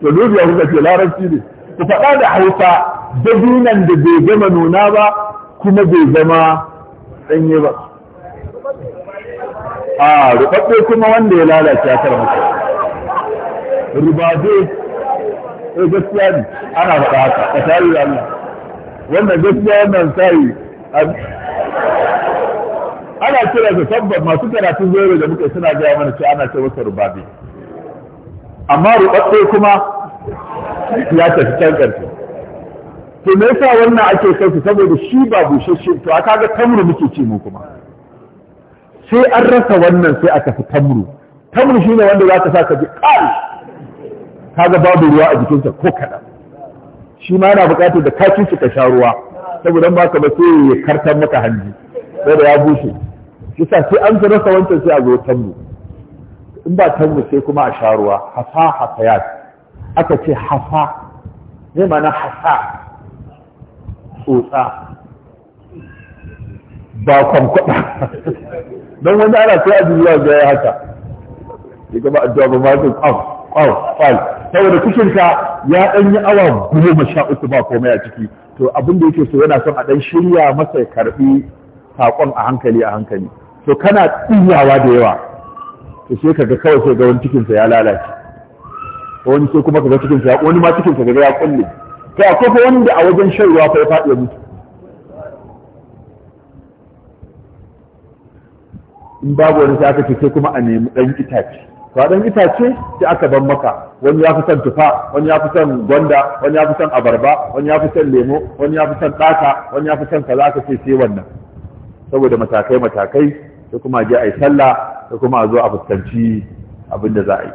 to dubiya kuka ce larabci ne ku faɗa da hausa dabinan da bai gama nuna ba kuma bai zama ɗanye ba a rubabbe kuma wanda ya lalace ya kara masa rubabe eh gaskiya ne ana faɗa haka ka tari da wannan gaskiya wannan sai ana kira da sabbar masu karatun zoyo da muke suna gaya mana cewa ana ce wasu rubabi amma rubatse kuma ya tafi can karfi to me yasa wannan ake kai su saboda shi ba bushashe to aka ga tamru muke ci mu kuma sai an rasa wannan sai aka fi tamru tamru shine wanda za ka sa ka ji ƙari kaga babu ruwa a jikinsa ko kaɗan shi ma yana buƙatar da kafin su ka sha ruwa saboda ba ka ba sai ya kartar maka hanji sai da ya bushe kisa sai an rasa wancan sai a zo tambu in ba tambu sai kuma a sha ruwa hafa hasayat aka ce hasa zai mana hafa tsotsa ba kwamkwada don wani ana sai a duniya ga haka ya gaba addu'a ba ma su kwam kwam kwam saboda cikinta ya ɗan yi awa goma sha uku ba komai a ciki to abin da yake so yana son a ɗan shirya masa ya karɓi saƙon a hankali a hankali to kana tsinyawa da yawa to sai kaga kawai sai ga wani cikinsa ya lalace wani sai kuma kaga cikinsa ya wani ma cikinsa kaga ya kulle to akwai fa wanda a wajen shan ruwa fa ya faɗi ya mutu in babu wani sai aka ce sai kuma a nemi ɗan itace Ba dan itace sai aka ban maka wani ya fi son tufa wani ya fi son gwanda wani ya fi son abarba wani ya fi son lemo wani ya fi son ɗaka wani ya fi son kaza ka ce sai wannan saboda matakai matakai sai kuma je a yi sallah sai kuma a zo a fuskanci abin da za a yi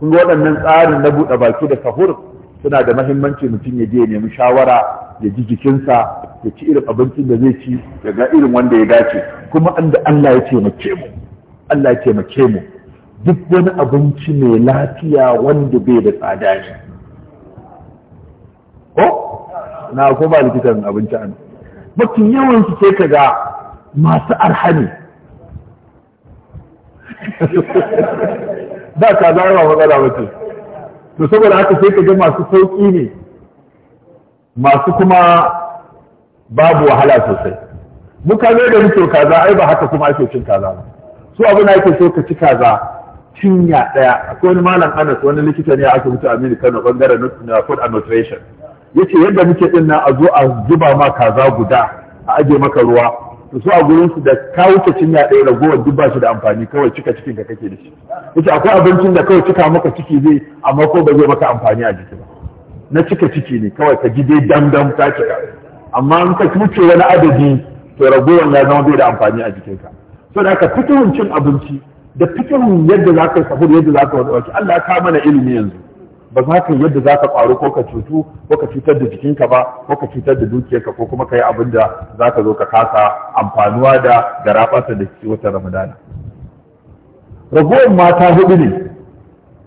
kun waɗannan tsarin na buɗe baki da sahur suna da mahimmanci mutum ya je ya nemi shawara ya ji jikinsa ya ci irin abincin da zai ci ya ga irin wanda ya dace kuma an Allah ya ce mu Allah ya taimake mu duk wani abinci mai lafiya wanda bai da tsada ne ko na ko ba likitan abinci an Bakin yawan su sai kaga masu arhani da ka zama matsala wace to saboda haka sai kaga masu sauƙi ne masu kuma babu wahala sosai muka ne da muke kaza ai ba haka kuma ake cin kaza ba su abin da ake so ka ci kaza cinya ɗaya, akwai wani malam Anas wani likita ne a asibiti Aminu Kano bangaren food Ya ce yadda muke din nan a zo a zuba ma kaza guda a aje maka ruwa to su a gurin da ka wuce cinya daya ragowar duk ba shi da amfani kawai cika cikin ka kake da shi ce akwai abincin da kawai cika maka ciki zai amma ko ba zai maka amfani a jiki ba na cika ciki ne kawai ka ji dai dam ta cika amma in ka wuce wani adadi to ragowar ya zama bai da amfani a jikinka da ka fitowar cin abinci da fikihun yadda za ka yi sahur yadda za ka wani waki Allah ya kama mana ilimi yanzu ba za ka yadda za ka ƙwaru ko ka cutu ko ka cutar da jikinka ba ko ka cutar da dukiyarka ko kuma ka yi abin da za ka zo ka kasa amfanuwa da garaɓasa da ke wata ramadana ragowar mata hudu ne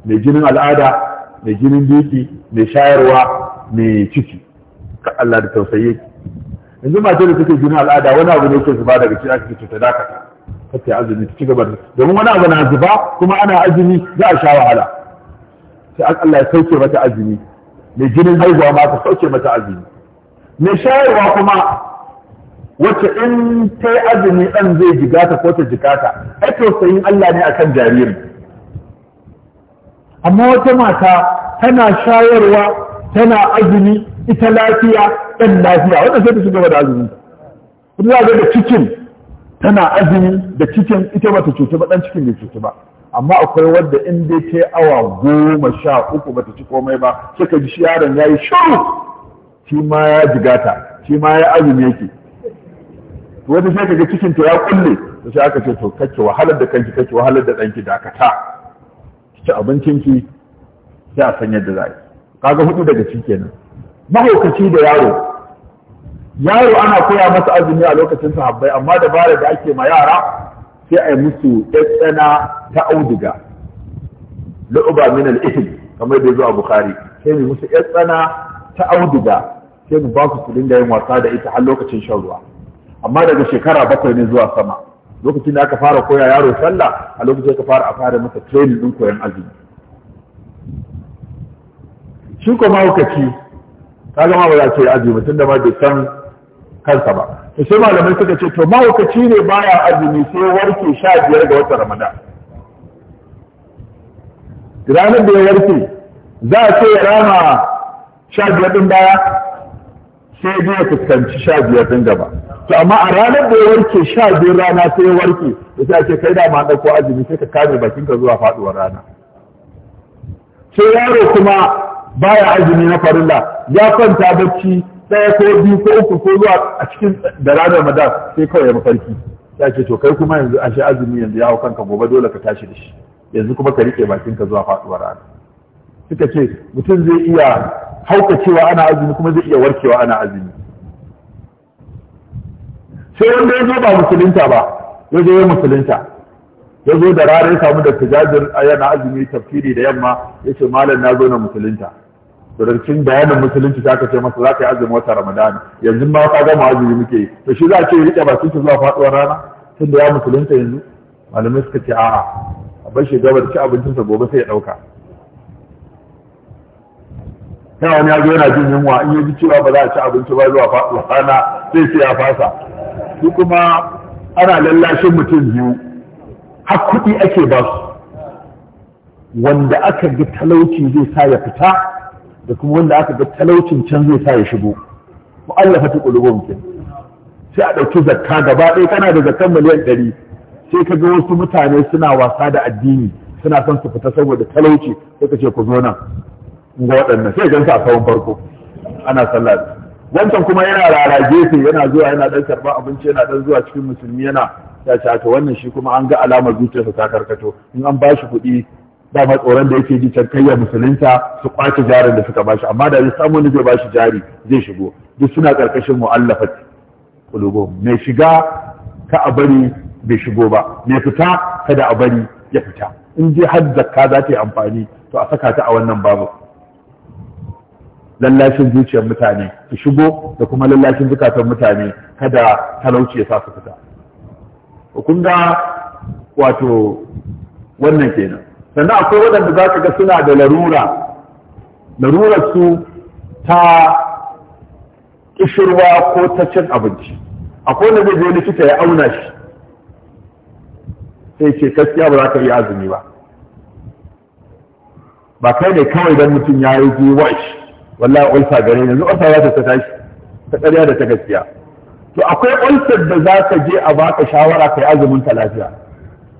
mai jinin al'ada mai jinin duki mai shayarwa mai ciki ka Allah da tausayi yanzu mace da suke jinin al'ada wani abu ne ke zuba daga cikin ake cuta dakata kake azumi ci gaba domin wani abu na zuba kuma ana azumi za a sha wahala sai Allah ya sauke mata azumi mai jinin haihuwa ma ta sauke mata azumi mai shayarwa kuma wacce in ta yi azumi ɗan zai jigata ko ta jigata ai tausayin Allah ne akan jariri amma wata mata tana shayarwa tana azumi ita lafiya ɗan lafiya wanda sai ta shiga da azumi kuma za ga cikin tana azumi da cikin ita bata cuta ba dan cikin bai cuta ba amma akwai wadda in dai ta yi awa goma sha uku bata ci komai ba suka ji shi yaron ya yi shiru shi ma ya jigata shi ma ya azumi yake wata sai ga cikin ta ya kulle to sai aka ce to kake wahalar da kanki kake wahalar da danki dakata ki ci abincin sai a san yadda za yi kaga hudu daga ciki kenan mahaukaci da yaro yaro ana koya masa azumi a lokacin sahabbai amma da bara da ake ma yara sai a yi musu tsana ta auduga lu'uba min al-ihl kamar da zuwa bukhari sai mu musu tsana ta auduga sai mu ba su su dinga yin wasa da ita har lokacin shan ruwa amma daga shekara bakwai ne zuwa sama lokacin da aka fara koya yaro sallah a lokacin aka fara a fara masa training din koyon azumi shi kuma hukaci ka zama ba za ce azumi tun da ma bai san kansa ba to sai malamai suka ce to mahaukaci ne baya azumi sai warke sha biyar ga watan ramadan ranar da ya warke za a ce ya rama sha biyar din baya sai dai ya fuskanci sha biyar din gaba to amma a ranar da ya warke sha biyar rana sai ya warke da sai a ce kai da ma ɗauko azumi sai ka kame bakinka zuwa faɗuwar rana sai yaro kuma baya azumi na farilla ya kwanta bacci ɗaya ko biyu ko uku ko zuwa a cikin da ranar madar sai kawai ya mafarki ya ce to kai kuma yanzu ashe azumi yanzu ya hau kanka gobe dole ka tashi da shi yanzu kuma ka rike bakin ka zuwa faduwar rana suka ce mutum zai iya haukacewa ana azumi kuma zai iya warkewa ana azumi sai wanda ya zo ba musulunta ba ya zo ya musulunta ya zo da rana ya samu da tajajir yana azumi tafsiri da yamma ya ce malam na zo na musulunta to daga musulunci ta ka ce masa za ka yi azumin wata ramadana yanzu ma ka gama azumi muke yi to shi za a ce riƙe bakin zuwa faɗuwar rana tun da ya musulunta yanzu malamai suka ce a'a a bar shi gaba da ci abincinsa gobe sai ya ɗauka ta wani ya zo yana jin yunwa in ya ji cewa ba za a ci abinci ba zuwa faɗuwar rana sai sai ya fasa su kuma ana lallashin mutum biyu har kuɗi ake ba su wanda aka ga talauci zai sa ya fita da kuma wanda aka ga talaucin can zai sa ya shigo mu'allafa ta ƙulubun ke sai a ɗauki zakka gaba ɗaya kana da zakkan miliyan ɗari sai ka ga wasu mutane suna wasa da addini suna son su fita saboda talauci sai ka ce ku zo nan ga waɗannan sai gan a sawun farko ana sallah da wancan kuma yana rara gefe yana zuwa yana ɗan karɓa abinci yana ɗan zuwa cikin musulmi yana ya ce wannan shi kuma an ga alamar zuciyarsa ta karkato in an ba shi kuɗi dama tsoron da yake ji can kayyar musulunta su kwace jarin da suka bashi amma da zai samu wani zai ba bashi jari zai shigo duk suna karkashin mu'allafat Kulubo, mai shiga ka a bari bai shigo ba mai fita kada a bari ya fita in ji har zakka za ta yi amfani to a saka ta a wannan babu lallashin zuciyar mutane su shigo da kuma lallashin zukatan mutane kada talauci ya sa su fita kun ga wato wannan kenan sannan akwai waɗanda za ka ga suna da larura larurar su ta kishirwa ko ta cin abinci akwai wanda zai je likita ya auna shi sai ce gaskiya ba za ka iya azumi ba ba kai ne kawai don mutum ya yi ji wash wallahi ulsa gare yanzu ulsa za ta tashi ta ƙarya da ta gaskiya to akwai ulsar da za ka je a baka shawara kai azumin ta lafiya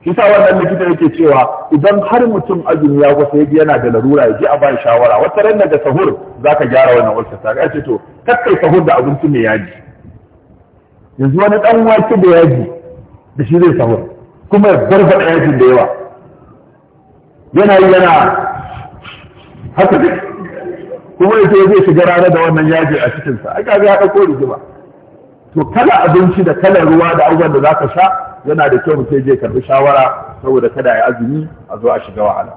shi sa wannan likita yake cewa idan har mutum azumi ya kusa yaji yana da larura yaji a bai shawara wata ran daga sahur zaka gyara wannan wasa ta ga ce to kakkai sahur da abinci mai yaji yanzu wani dan wake da yaji da shi zai sahur kuma ya barba yaji da yawa yana yana haka kuma yake zai shiga rana da wannan yaji a cikin sa ai kaga ya dauko rigima to kala abinci da kala ruwa da abubuwan da zaka sha yana da kyau mutum je karɓi shawara saboda kada ya azumi a zo a shiga wahala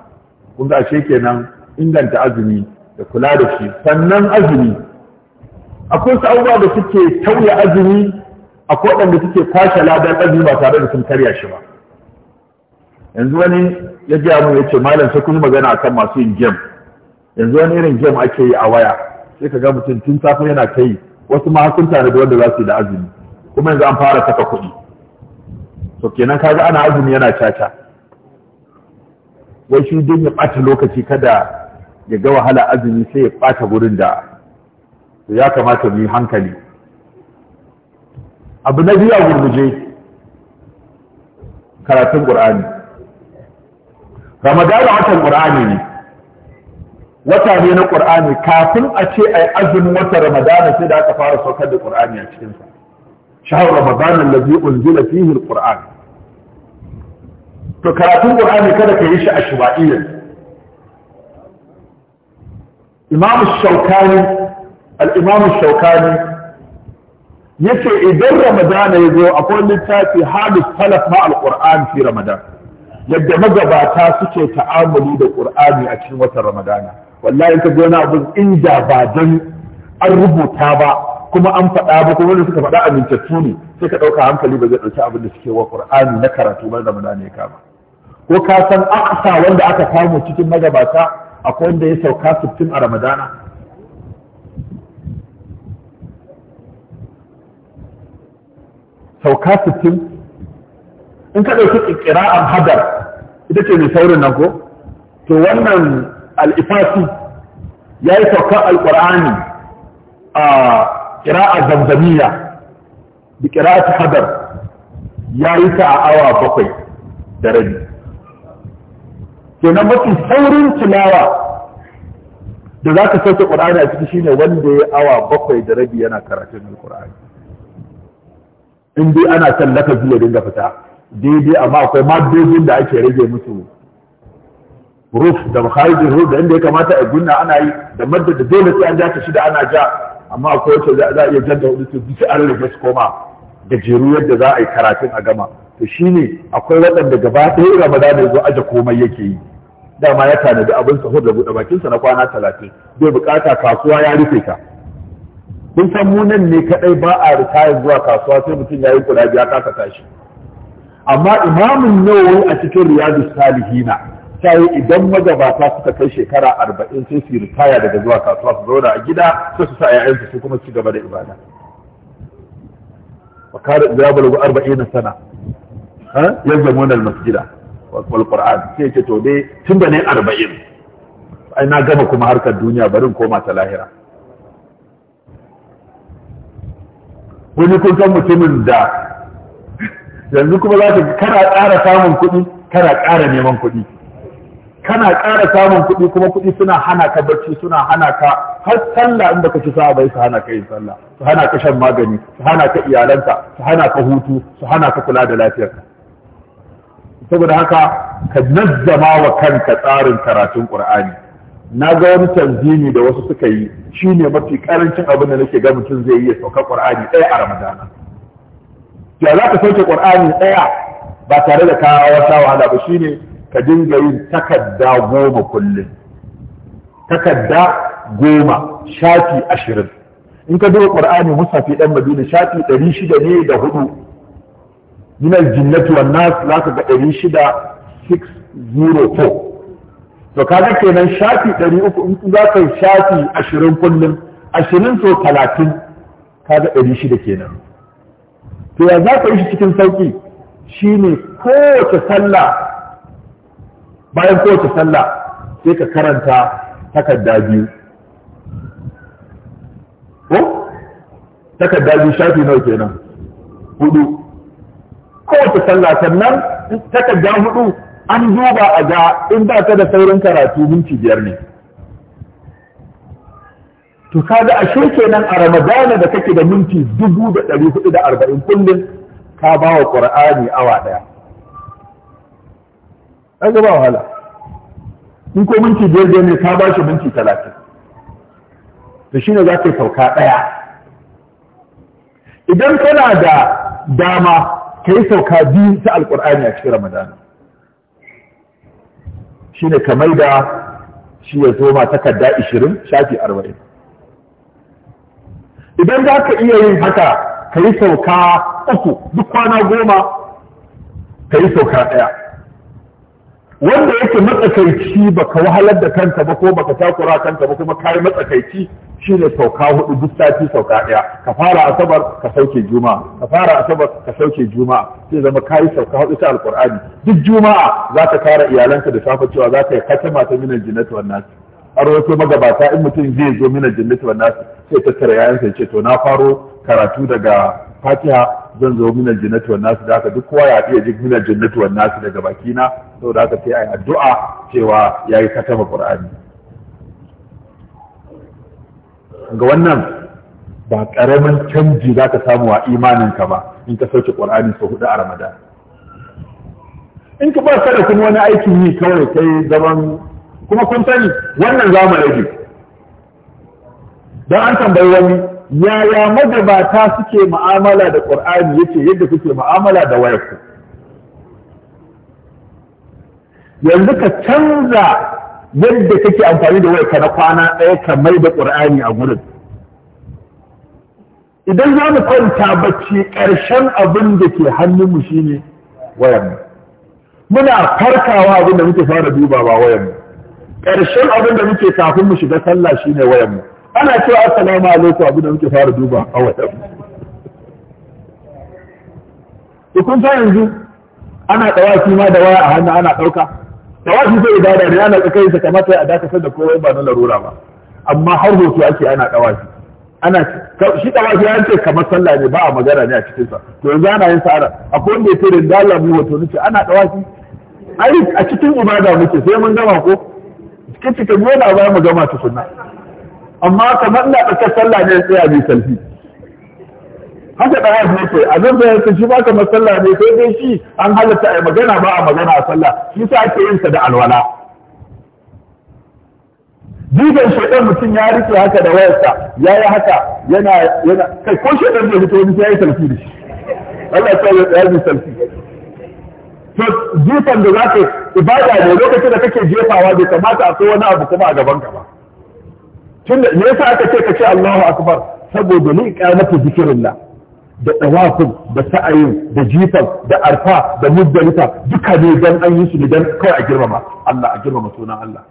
kun ga ashe kenan inganta azumi da kula da shi sannan azumi akwai su abubuwa da suke tauya azumi a akwai waɗanda suke kwashe ladan azumi ba tare da sun karya shi ba yanzu wani ya gaya mu ya ce malam sai kun magana akan masu yin gem yanzu wani irin gem ake yi a waya sai ka ga mutum tun safe yana kai wasu ma sun tare da wanda za su yi da azumi kuma yanzu an fara saka kuɗi to kenan kaga ana azumi yana caca wai shi din ya ɓata lokaci kada ya ga wahala azumi sai ya ɓata gurin da ya kamata mu yi hankali abu na biyu a gurguje karatun ƙur'ani ramadana watan ƙur'ani ne wata ne na ƙur'ani kafin a ce a yi azumin watan ramadana sai da aka fara saukar da ƙur'ani a cikinsa shahar ramadan allazi unzila fihi alquran to karatun qur'ani kada ka yi shi a shuba'iyan imam shaukani al-imam shaukani yace idan Ramadana ya zo akwai littafi hadith salaf ma alquran fi ramadan yadda magabata suke ta'amuli da qur'ani a cikin watan ramadana wallahi ka ga wani abu inda ba dan an rubuta ba kuma an faɗa ba kuma wanda suka faɗa amintattu ne sai ka ɗauka hankali ba zai ɗauki abin da suke wa Qur'ani na karatu ba da ne ka ba ko ka san aksa wanda aka samu cikin magabata akwai wanda ya sauka sittin a Ramadana sauka sittin in ka ɗauki ƙira'an hadar ita ce mai saurin nan ko to wannan al'ifasi ya yi saukan alƙur'ani a ƙira'a zanzamiya, da ƙira'a hadar ya yi ta a awa bakwai da rabi kenan mafi saurin tilawa da za ka sauke ƙur'ani a ciki shine wanda ya awa bakwai da rabi yana karatun alƙur'ani in dai ana son lakabi ya dinga fita daidai amma akwai maddojin da ake rage musu ruf da kharijin da inda ya kamata a gunna ana yi da da dole sai an ja shida ana ja amma akwai kowace za a iya da hudu su bisa an rage su koma gajeru yadda za a yi karatun a gama to shi ne akwai waɗanda gaba ɗaya ramadana ya zo aje komai yake yi dama ya tanadi abin sahur da buɗe bakinsa na kwana talatin bai bukata kasuwa ya rufe ka kun san mu nan ne kaɗai ba a ritaya zuwa kasuwa sai mutum ya yi kula ya kasa tashi amma imamin nawawi a cikin riyadu salihina ta yi idan magabata suka kai shekara arba'in sai su ritaya daga zuwa kasuwa su zauna a gida sai su sa ‘ya'yansu su kuma ci gaba da ibada fakarin da ya balagu arba'in sana ya zama na masjida wal qur'an sai ce to dai tun da ne arba'in ai na gama kuma harkar duniya barin koma ta lahira wani kun san mutumin da yanzu kuma za ka kana ƙara samun kuɗi kana ƙara neman kuɗi kana ƙara samun kuɗi kuma kuɗi suna hana ka barci suna hana ka har sallah inda ka ci sa'a bai su hana ka yin sallah su hana ka shan magani su hana ka iyalanka su hana ka hutu su hana ka kula da lafiyarka saboda haka ka nazzama wa kanka tsarin karatun qur'ani na ga wani tanzimi da wasu suka yi shine mafi karancin abin da nake ga mutum zai yi ya sauka qur'ani ɗaya a ramadana ya za ka sauke qur'ani ɗaya ba tare da ka wata wahala ba shine ka dinga yin takarda goma kullum takarda goma shafi ashirin in ka duba ƙwar'ani musafi ɗan madina shafi ɗari shida ne da hudu minal jinnati wan nas za ka ga ɗari shida 604 to ga kenan shafi ɗari uku in za ka yi shafi ashirin kullum ashirin so talatin kaga ɗari shida kenan to ya za ka yi shi cikin sauƙi shine kowace sallah bayan kowace sallah sai ka karanta takarda biyu ko takarda biyu shafi nawa kenan hudu kowace sallah sannan takarda hudu an duba a ga in ba ta da saurin karatu minti biyar ne to kaga a kenan a ramadana da kake da minti dubu da ɗari hudu da arba'in kullum ka ba wa ƙur'ani awa ɗaya ai ba wahala in ko minti biyar biyar ne ka ba shi minti talatin Da shi ne za ka yi sauka ɗaya idan kana da dama ka yi sauka biyu ta alƙur'ani a cikin ramadana Shi ka da shi ya zo ma takarda ishirin shafi arba'in idan za ka iya yin haka ka yi sauka uku duk kwana goma ka yi sauka ɗaya wanda yake matsakaici ba ka wahalar da kanka ba ko baka takura kanka ba kuma kai matsakaici shine sauka hudu duk sati sauka daya ka fara asabar ka sauke juma'a ka fara asabar ka sauke juma'a sai zama kai sauka hudu ta Alkur'ani. duk juma'a zaka kara iyalanka da safa cewa zaka yi katama ta minan jinnati wan nas har wato magabata in mutum zai zo minan jinnati wan nas sai ta tara yayansa ya ce to na faro karatu daga fatiha zan zo min aljannatu wan nasu da haka duk kowa ya iya jin min aljannatu wan nasu daga bakina saboda haka sai yi addu'a cewa yayi katama qur'ani ga wannan ba karamin canji zaka samu a imaninka ba in ka sauke qur'ani sau hudu a ramadan in ka ba ka da kuma wani aikin yi kawai kai zaman kuma kun sani wannan zamanin don an tambayi wani yaya magabata suke ma'amala da ƙur'ani yake yadda suke ma'amala da wayarku yanzu ka canza yadda kake amfani da wayarka na kwana ɗaya ka mai da ƙur'ani a gurin idan za mu kwanta bacci ƙarshen abin da ke hannunmu shine wayarmu muna farkawa abin da muke fara duba ba wayarmu ƙarshen abin da muke kafin mu shiga sallah shine mu. ana cewa assalamu alaikum abin da muke fara duba a wata kun san yanzu ana dawaki ma da waya a hannu ana ɗauka. dawaki sai ibada ne ana tsakai sa kamata a dakatar da kowa ba na larura ba amma har hoto ake ana dawaki ana shi dawaki ya ce kamar sallah ne ba a magana ne a cikin sa to yanzu ana yin sa'ara akwai wanda ya ce da dalla mu hoto nace ana dawaki ai a cikin ibada muke sai mun gama ko cikin cikin gona ba mu gama tukunna amma kamar da tsakar sallah ne tsaya bi salfi haka da haifu yake abin da yake shi ba kamar masalla ne sai dai shi an halatta a magana ba a magana a sallah shi sa ake yin sa da alwala jigan shaidan mutum ya rike haka da wayarsa ya yi haka yana yana kai ko shaidan zai fito wani sai ya yi salfi da shi Allah ya tsaya ya yi salfi to jifan da ka ibada ne lokacin da kake jefawa bai kamata a wani abu kuma a gaban ka ba tunda me yasa aka ce ka ci Allahu akbar saboda ni zikirin la, da tawafin da sa'ayin da jifan da arfa da muddalifa duka ne dan an yi su ne dan kawai a girmama Allah a girmama sunan Allah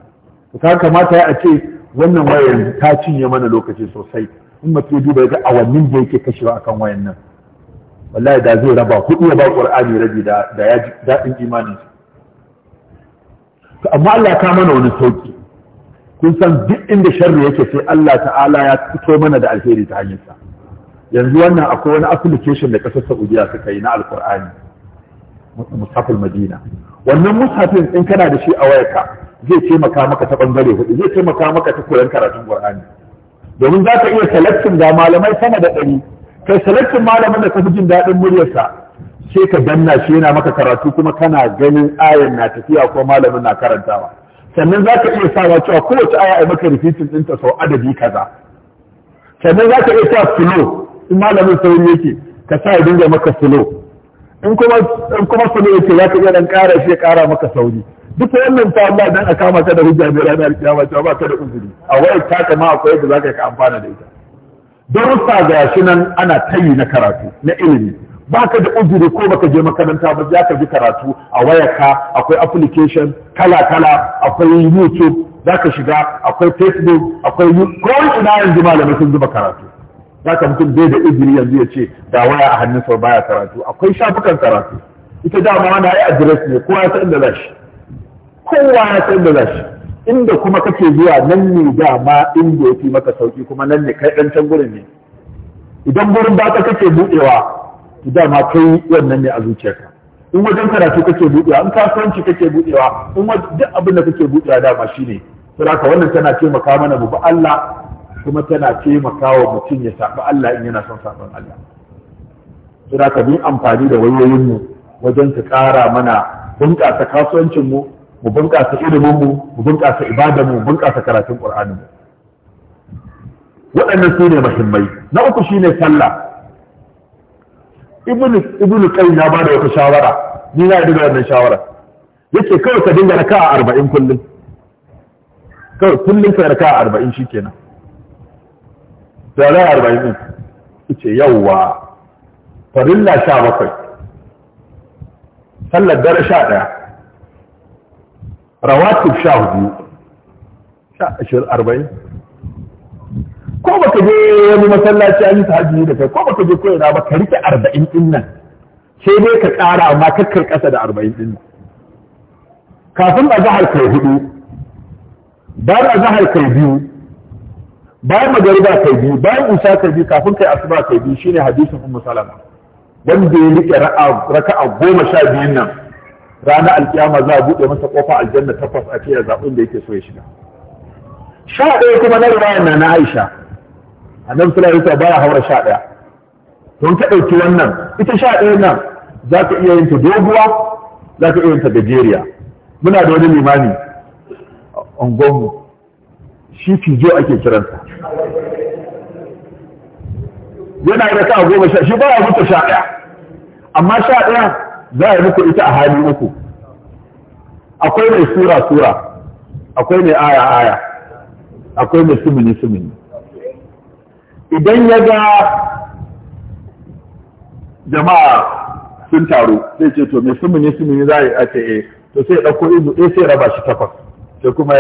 to ka kamata ya ce wannan wayar ta cinye mana lokaci sosai in mutum duba ga awannin da yake kashewa akan wayan nan wallahi da zai raba Kuɗi ya ba qur'ani rabi da da ya daɗin imanin amma Allah ka mana wani sauki kun san duk inda sharri yake sai Allah ta'ala ya fito mana da alheri ta hanyarsa yanzu wannan akwai wani application da kasar Saudiya suka yi na alkur'ani musafin madina wannan musafin in kana da shi a wayarka zai taimaka maka ta bangare hudu zai taimaka maka ta koyon karatun qur'ani domin za ka iya selectin da malamai sama da ɗari kai selectin malamin da ka fi jin daɗin muryarsa sai ka danna shi yana maka karatu kuma kana ganin ayan na tafiya ko malamin na karantawa sannan za ka iya sawa cewa kowace aya a maka rikicin ɗinta sau adadi kaza sannan za ka iya sa filo in malamin sauri yake ka sa ya dinga maka filo in kuma filo yake za ka iya dan ƙara shi ya ƙara maka sauri duk wannan ta Allah dan a kama ta da hujja mai ranar kiyama cewa ba ta da uzuri a wayar ta kama akwai yadda za ka yi ka amfana da ita don sa ga shi nan ana tayi na karatu na ilimi Ba ka da uzuri ko baka je makaranta ba za ka ji karatu a wayarka akwai application kala kala akwai youtube za ka shiga akwai facebook akwai kowai ina yanzu malamai sun zuba karatu za ka mutum bai da uzuri yanzu ya ce da waya a hannun sau baya karatu akwai shafukan karatu ita dama wani ai address ne kowa ya san inda za shi kowa ya san inda za shi inda kuma kake zuwa nan ne dama inda ya fi maka sauki kuma nan ne kai ɗan can gurin ne idan gurin ba ka kake buɗewa dama kai wannan ne a zuciyarka in wajen karatu kake buɗewa in kasuwanci kake buɗewa in duk abin da kake buɗewa dama shine saboda wannan tana taimaka mana mu bi Allah kuma tana taimaka wa mutum ya saɓa Allah in yana son saɓan Allah. Suna ka bin amfani da wayoyinmu wajen ka ƙara mana bunƙasa kasuwancinmu, mu bunƙasa iliminmu, mu bunƙasa ibadar mu bunƙasa karatun ƙur'aninmu. Waɗannan su ne muhimmai. Na uku shine sallah. ibnu ibnu qayyim ya bada wata shawara ni na da wannan shawara yace kawai ka dinga a 40 kullum kawai kullum ka raka'a 40 shikenan to raka'a 40 din yace yawwa farilla 17 sallar dare 11 rawatib 14 40 ko baka je wani masallaci an yi tahajjudi da kai ko baka je ko ba ka rike arba'in din nan sai dai ka ƙara amma kakkar ƙasa da arba'in din kafin a zahar kai hudu bayan a zahar kai biyu bayan magariba kai biyu bayan isa kai biyu kafin kai asuba kai biyu shine hadisin ummu salama wanda ya rike raka'a goma sha biyun nan ranar alkiyama za a buɗe masa kofa aljanna takwas a fiye zaɓin da yake so ya shiga sha ɗaya kuma na riwayar na na aisha annabi sallallahu alaihi baya haura sha ɗaya don ka dauki wannan ita sha ɗaya nan za ka iya yin ta doguwa za ka iya yin ta gajeriya muna da wani limami unguwanmu shi fijo ake kiransa yana da ka goma sha shi baya mutu sha ɗaya amma sha ɗaya za a yi muku ita a hali uku akwai mai sura sura akwai mai aya aya akwai mai sumini sumini idan ya ga jama'a sun taru sai ce to me sumuni sumuni za a yi ake e to sai ɗauko izu ɗaya sai raba shi takwas sai kuma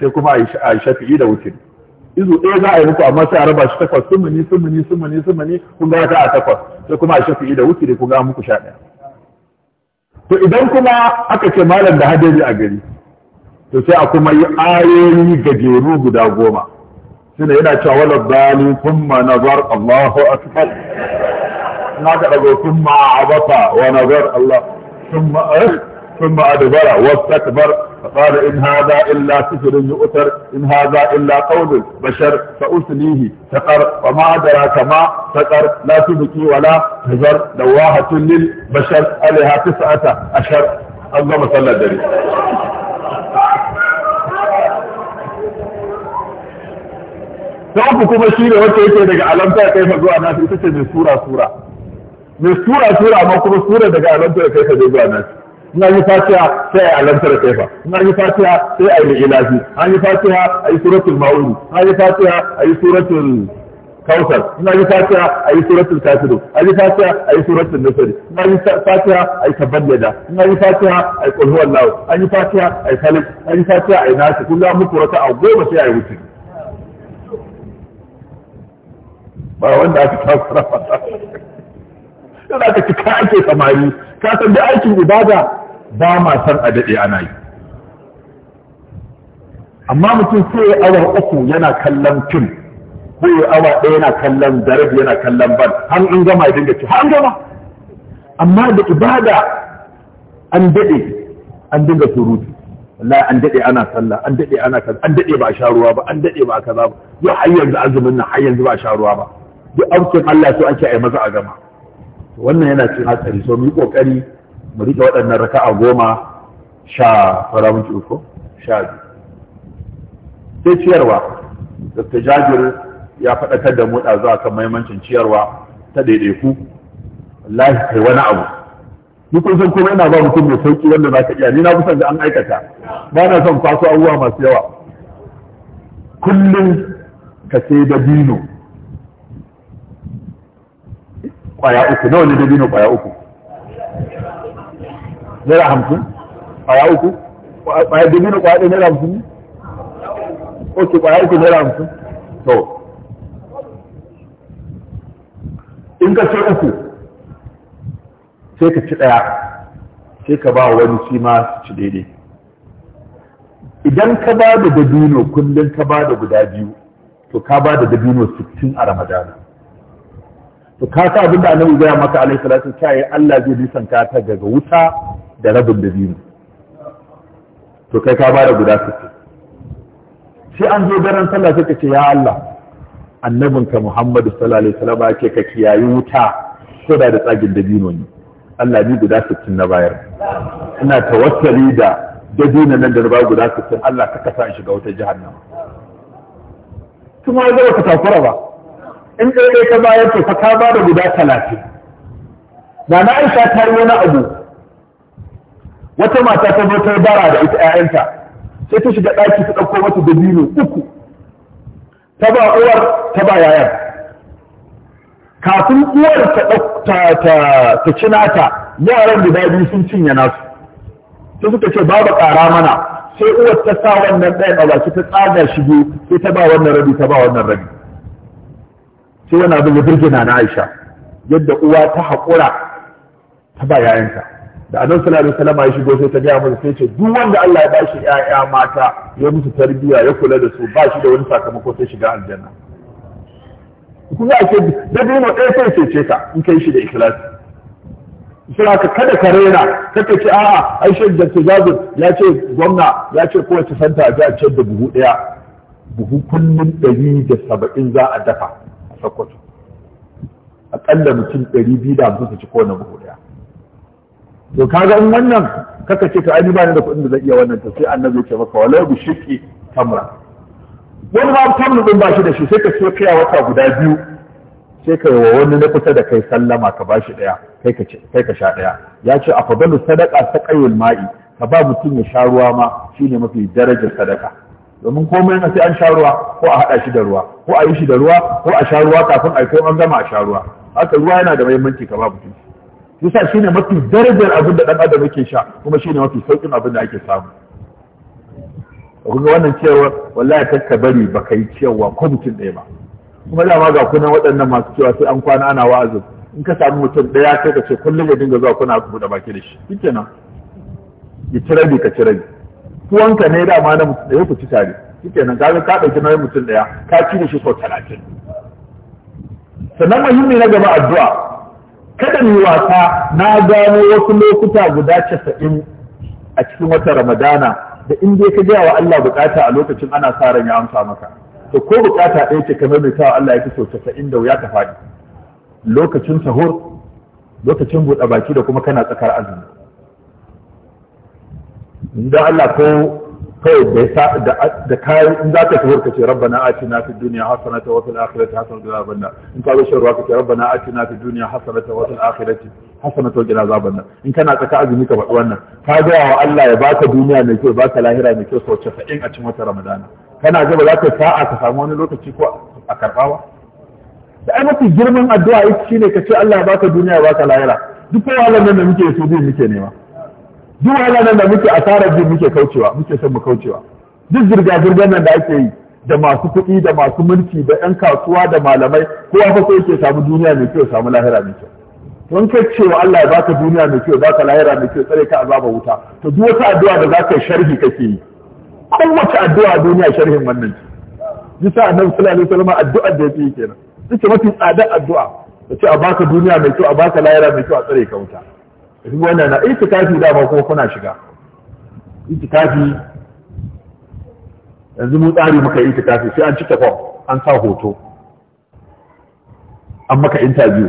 sai kuma a shafi'i da wuce izu ɗaya za a yi muku amma sai a raba shi takwas sumuni sumuni sumuni sumuni kun ga a takwas sai kuma a shafi'i da wuce kun ga muku sha ɗaya to idan kuma aka ce malam da hadari a gari to sai a kuma yi ayoyi gajeru guda goma shine yana cewa wala bali thumma nazar Allahu akbar na ga dago thumma abata wa nazar Allah thumma ثم أدبر واستكبر فقال إن هذا إلا سفر يؤثر إن هذا إلا قول بشر فأسليه سقر وما أدراك ما سقر لا تبكي ولا تذر لواحة للبشر ألها تسعة اشهر أظلم صلى الله عليه rabu kuma shi ne wacce yake daga alamta ya kaifa zuwa nasu ita ce mai sura sura mai sura sura amma kuma sura daga alamta ya kaifa zuwa nasu in an yi fatiha sai a alamta ya kaifa in an yi fatiha sai a yi ilahi an yi fatiha a yi suratul ma'uni an yi fatiha a yi suratul kautar in an yi fatiha a yi suratul kafiru an yi fatiha a yi suratul nasari in an yi fatiha a yi tabayyada in an yi fatiha a yi kulhu wallahu an yi fatiha a yi falak an yi fatiha a yi nasi kullum wata a goma sai a yi wuce ba wanda aka takura ba yana aka ci ka ake samari ka san da aikin ibada ba ma san a daɗe ana yi amma mutum sai ya awa uku yana kallon fim ko ya awa ɗaya yana kallon darabi yana kallon ban har an gama ya dinga ci har an gama amma da ibada an daɗe an dinga surutu wallahi an daɗe ana sallah an daɗe ana kaza an daɗe ba a sha ruwa ba an daɗe ba a kaza ba yau har yanzu azumin nan har yanzu ba a sha ruwa ba duk aukin Allah so ake ai maza a gama wannan yana cin hatsari so mu kokari mu rike waɗannan raka'a goma sha fara mun uku sha biyu sai ciyarwa Dr. Jajir ya faɗakar da mu zuwa kan mahimmancin ciyarwa ta ku. wallahi kai wani abu ni kun san kuma ina ba mutum mai sauki wanda za iya ni na kusan da an aikata ba na son kwaso abubuwa masu yawa kullum ka sai da bino kwaya uku nawa ne dabino kwaya uku naira hamsin kwaya uku kwaya dabino kwaya ɗaya naira hamsin ne ok kwaya uku naira hamsin to in ka ce uku sai ka ci ɗaya sai ka ba wani shi ma ci daidai idan ka ba da dabino kullum ka ba da guda biyu to ka ba da dabino 60 a ramadana to ka sa abin da annabi gaya maka alaihi salatu cewa Allah zai nisan ka ta daga wuta da rabin da biyu to kai ka bada guda suke sai an zo daren sallah sai ka ce ya Allah annabin ka Muhammadu sallallahu alaihi wasallam ya ka kiyayi wuta ko da da tsagin dabino ne Allah ni guda 60 na bayar ina tawakkali da dabino nan da ba guda 60 Allah ka kasa in shiga wata jahannama kuma ya zama ka takura ba in ɗaya ta bayar to ka ba da guda talatin na na aisha ta yi wani abu wata mata ta zo ta bara da ita 'ya'yanta sai ta shiga ɗaki ta ɗauko mata dabino uku ta ba uwar ta ba yayan kafin uwar ta ta cina nata yaran guda biyu sun cinye nasu sai suka ce babu ƙara mana sai uwar ta sa wannan ɗayan a baki ta tsaga shigo, sai ta ba wannan rabi ta ba wannan rabi sai wani abin ya birgina na Aisha yadda uwa ta haƙura ta ba yayanta da annabi sallallahu alaihi wasallam ya shigo sai ta gaya masa sai ce duk wanda Allah ya bashi ƴaƴa mata ya musu tarbiyya ya kula da su ba shi da wani sakamako sai shiga aljanna ga ake da mu ɗaya sai ce ka in kai shi da ikhlasi sai ka kada ka rera kaka ce a'a ai shi da tazabun ya ce gwamna ya ce ko ta santa a ji a ce da buhu ɗaya buhu kullum ɗari da saba'in za a dafa sokoto aƙalla mutum ɗari biyu da hamsin su ci kowane buhu ɗaya to kaga in wannan kaka ce ka ai ba ni da kuɗin da zan iya wannan to sai annabi ce maka walau bi shiqi tamra wani ma tamra ɗin ba shi da shi sai ka so kai wata guda biyu sai ka yi wa wani na kusa da kai sallama ka bashi ɗaya kai ka sha ɗaya ya ce a fadalu sadaka ta qayyul ma'i ka ba mutum ya sha ruwa ma shine mafi darajar sadaka domin komai na sai an sha ruwa ko a haɗa shi da ruwa ko a yi shi da ruwa ko a sha ruwa kafin a an gama a sha ruwa haka ruwa yana da muhimmanci ka babu tunci yasa shine mafi darajar abin da dan adam yake sha kuma shine mafi saukin abin da ake samu ku ga wannan cewa wallahi takka bari ba kai cewa ko mutum ɗaya ba kuma dama ga kunan waɗannan masu cewa sai an kwana ana wa'azin in ka samu mutum ɗaya sai ka ce kullum ya dinga zuwa kuna buɗe baki da shi shikenan ya ci rabi ka ci rabi tuwanka ne ma na mutum ɗaya ku ci tare kike nan kaga ka ɗauki nauyin mutum ɗaya ka ci da shi sau talatin sannan muhimmi na gaba addu'a kada mu wasa na gano wasu lokuta guda casa'in a cikin wata ramadana da in dai ka gaya wa Allah bukata a lokacin ana sa ran ya amsa maka to ko bukata ɗaya ce kamar mai tawa Allah ya fi sau casa'in da wuya ka faɗi lokacin sahur lokacin buɗe baki da kuma kana tsakar azumi da Allah ko kawai da da kayan in za ka tuhur ka ce rabbana atina fi dunya hasanata wa fil akhirati hasanata wa qina azaban in ka zo shan ruwa ka ce rabbana atina fi dunya hasanata wa fil akhirati hasanata wa qina azaban in kana tsaka azumi ka faɗi wannan ka ga wa Allah ya baka duniya mai kyau baka lahira mai kyau sau 90 a cikin wata ramadana kana ga ba za ka sa'a ka samu wani lokaci ko a karbawa da ai mafi girman addu'a ita shine ka ce Allah ya baka duniya ya baka lahira duk wa'alan nan da muke so bi muke nema duk wahala nan da muke asarar jin muke kaucewa muke son mu kaucewa duk zirga-zirgar nan da ake yi da masu kuɗi da masu mulki da ƴan kasuwa da malamai kowa fa ko yake samu duniya mai kyau samu lahira mai kyau don kai cewa Allah ya baka duniya mai kyau baka lahira mai kyau tsare ka azaba wuta to duk wata addu'a da zaka yi sharhi kake yi kowace addu'a a duniya sharhin wannan ce yasa annabi sallallahu alaihi wasallam addu'a da yake kenan ita mafi tsada addu'a ta ce a baka duniya mai kyau a baka lahira mai kyau a tsare ka wuta wanda na itikafi dama kuma kuna shiga itikafi yanzu mu tsari muka yi itikafi sai an cika form an sa hoto an maka interview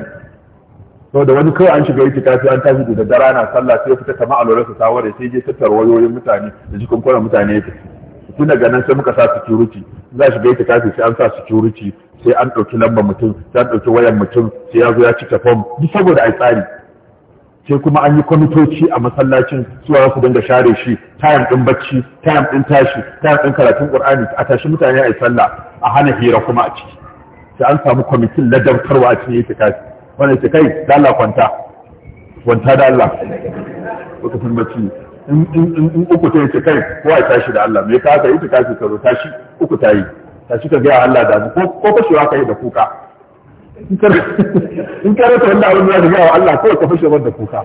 sau da wani kawai an shiga itikafi an tafi da dara na sallah sai fita kama a lura su tawar sai je tattara wayoyin mutane da jikin kwanan mutane ya tafi tun daga nan sai muka sa security za a shiga itikafi sai an sa security sai an ɗauki lambar mutum sai an ɗauki wayan mutum sai ya zo ya cika form duk saboda ai tsari sai kuma an yi kwamitoci a masallacin suwa su dinga share shi tayam din bacci tayam din tashi tayam din karatun qur'ani a tashi mutane a sallah a hana hira kuma a ciki sai an samu kwamitin ladabtarwa a cikin kai wannan ce kai da Allah kwanta kwanta da Allah kuka san bacci in in uku ta yace kai ko a tashi da Allah me ka ka itikafi ka tashi uku ta yi. tashi ka ga Allah da ko ko ka kai da kuka in ka rasa wanda abin da ga Allah kawai ka fashe wanda kuka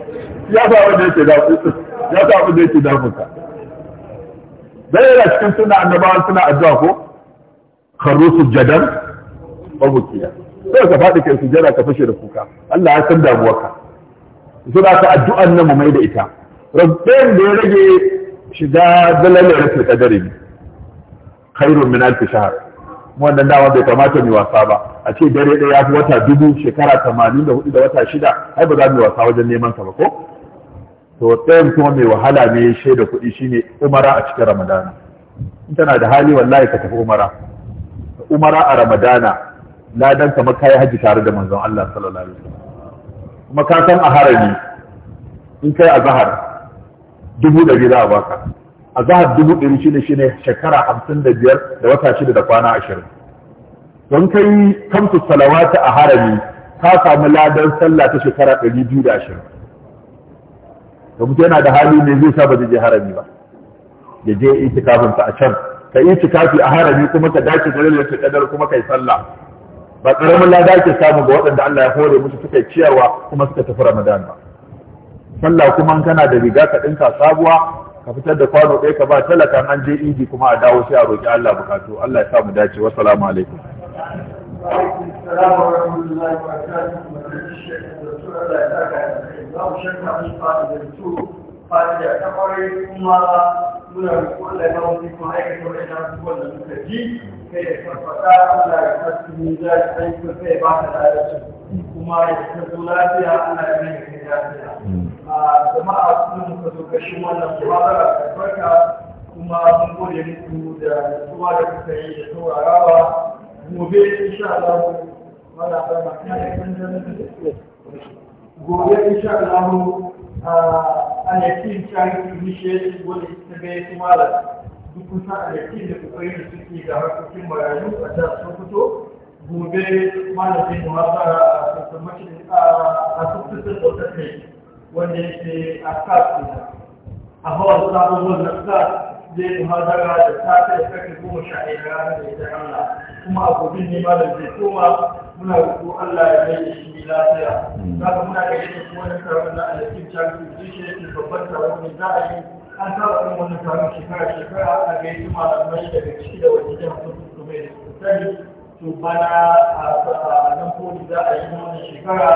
ya sa wanda yake da ya sa abin da yake da kuka dai yana cikin suna annabawan suna addu'a ko kharusu jadan wa bukiya sai ka faɗi kai sujada ka fashe da kuka Allah ya san damuwarka suna ka addu'an nan mu mai da ita rabbin da ya rage shiga dalalar rasul kadari khairun min alf shahar. wannan dama bai kamata mu wasa ba a ce dare ɗaya ya fi wata dubu shekara tamanin da hudu da wata shida ai ba za mu wasa wajen neman sa ba ko to ɗayan kuma mai wahala ne ya shaida kuɗi shine umara a cikin ramadana in tana da hali wallahi ka tafi umara umara a ramadana ladan maka kayi haji tare da manzon Allah sallallahu alaihi wasallam kuma ka san a harami in kai a zahar dubu da za a baka a zahar dubu ɗari shida shine shekara hamsin da biyar da wata shida da kwana ashirin don kai kamsu salawata a harami ka samu ladan sallah ta shekara ɗari biyu da ashirin da mutum yana da hali ne zai sa ba zai je harami ba ya je yi itikafinsa a can ka yi itikafi a harami kuma ka dace da lalata kadar kuma kai sallah ba karamin lada ke samu ga waɗanda Allah ya hore musu suka ciyarwa kuma suka tafi Ramadan ba sallah kuma kana da riga ka ɗinka sabuwa ka fitar da kwano ɗaya ka ba talakan an je inji kuma a dawo sai a roƙi Allah bukatu Allah ya samu dace wa salamu alaikum fatiya ta kwarai kuma muna kula da wani kuma aikata wani na abubuwan da ji kai ya farfata Allah ya kasu ni za ta yi kai ba ta da su kuma ya zo lafiya Allah ya mai kai lafiya mm. a jama'a sun ka zo kashin wannan da albarka kuma mun gode muku da nutsuwa da kuka yi da saurarawa gobe insha Allah wala ba ma kai kan gobe insha Allah a yakin charity initiative wanda ta ga kuma da duk kusa a yakin da kokarin da suke da harkokin marayu a da sun fito gobe malamin da wata a sassan a sassan da kai wanda yake a kasu a hawan sabon na kasu zai muhadara da safe da karfe goma sha ɗaya na ranar da kuma a gobe ne ma da zai koma muna roƙo Allah ya yi shi lafiya za hmm. ka muna ga da kuma na taron na alaƙin charity zai shi yake babban taron ne za a yi an saba ɗin wani taron shekara shekara a gaisa malamai daga ciki da wajen jihar sun su mai da sosai to bana a nan koli za a yi wannan shekara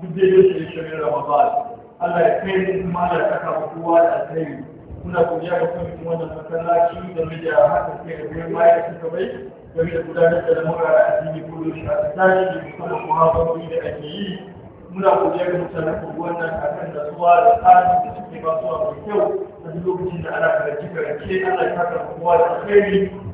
duk da yau shi shirin ramadan Allah ya kai mu kuma da saka kowa da alheri muna godiya ga kwamitin wannan masallaci game da haka sai da goyon baya da suka bai game da gudanar da lamura a addini ko da shi a tsari da musamman muhabbarori da ake yi muna godiya ga mutanen unguwar nan akan da zuwa da tsari da suke ba zuwa mai kyau a duk lokacin da ana karance Allah ya kaka kowa da alheri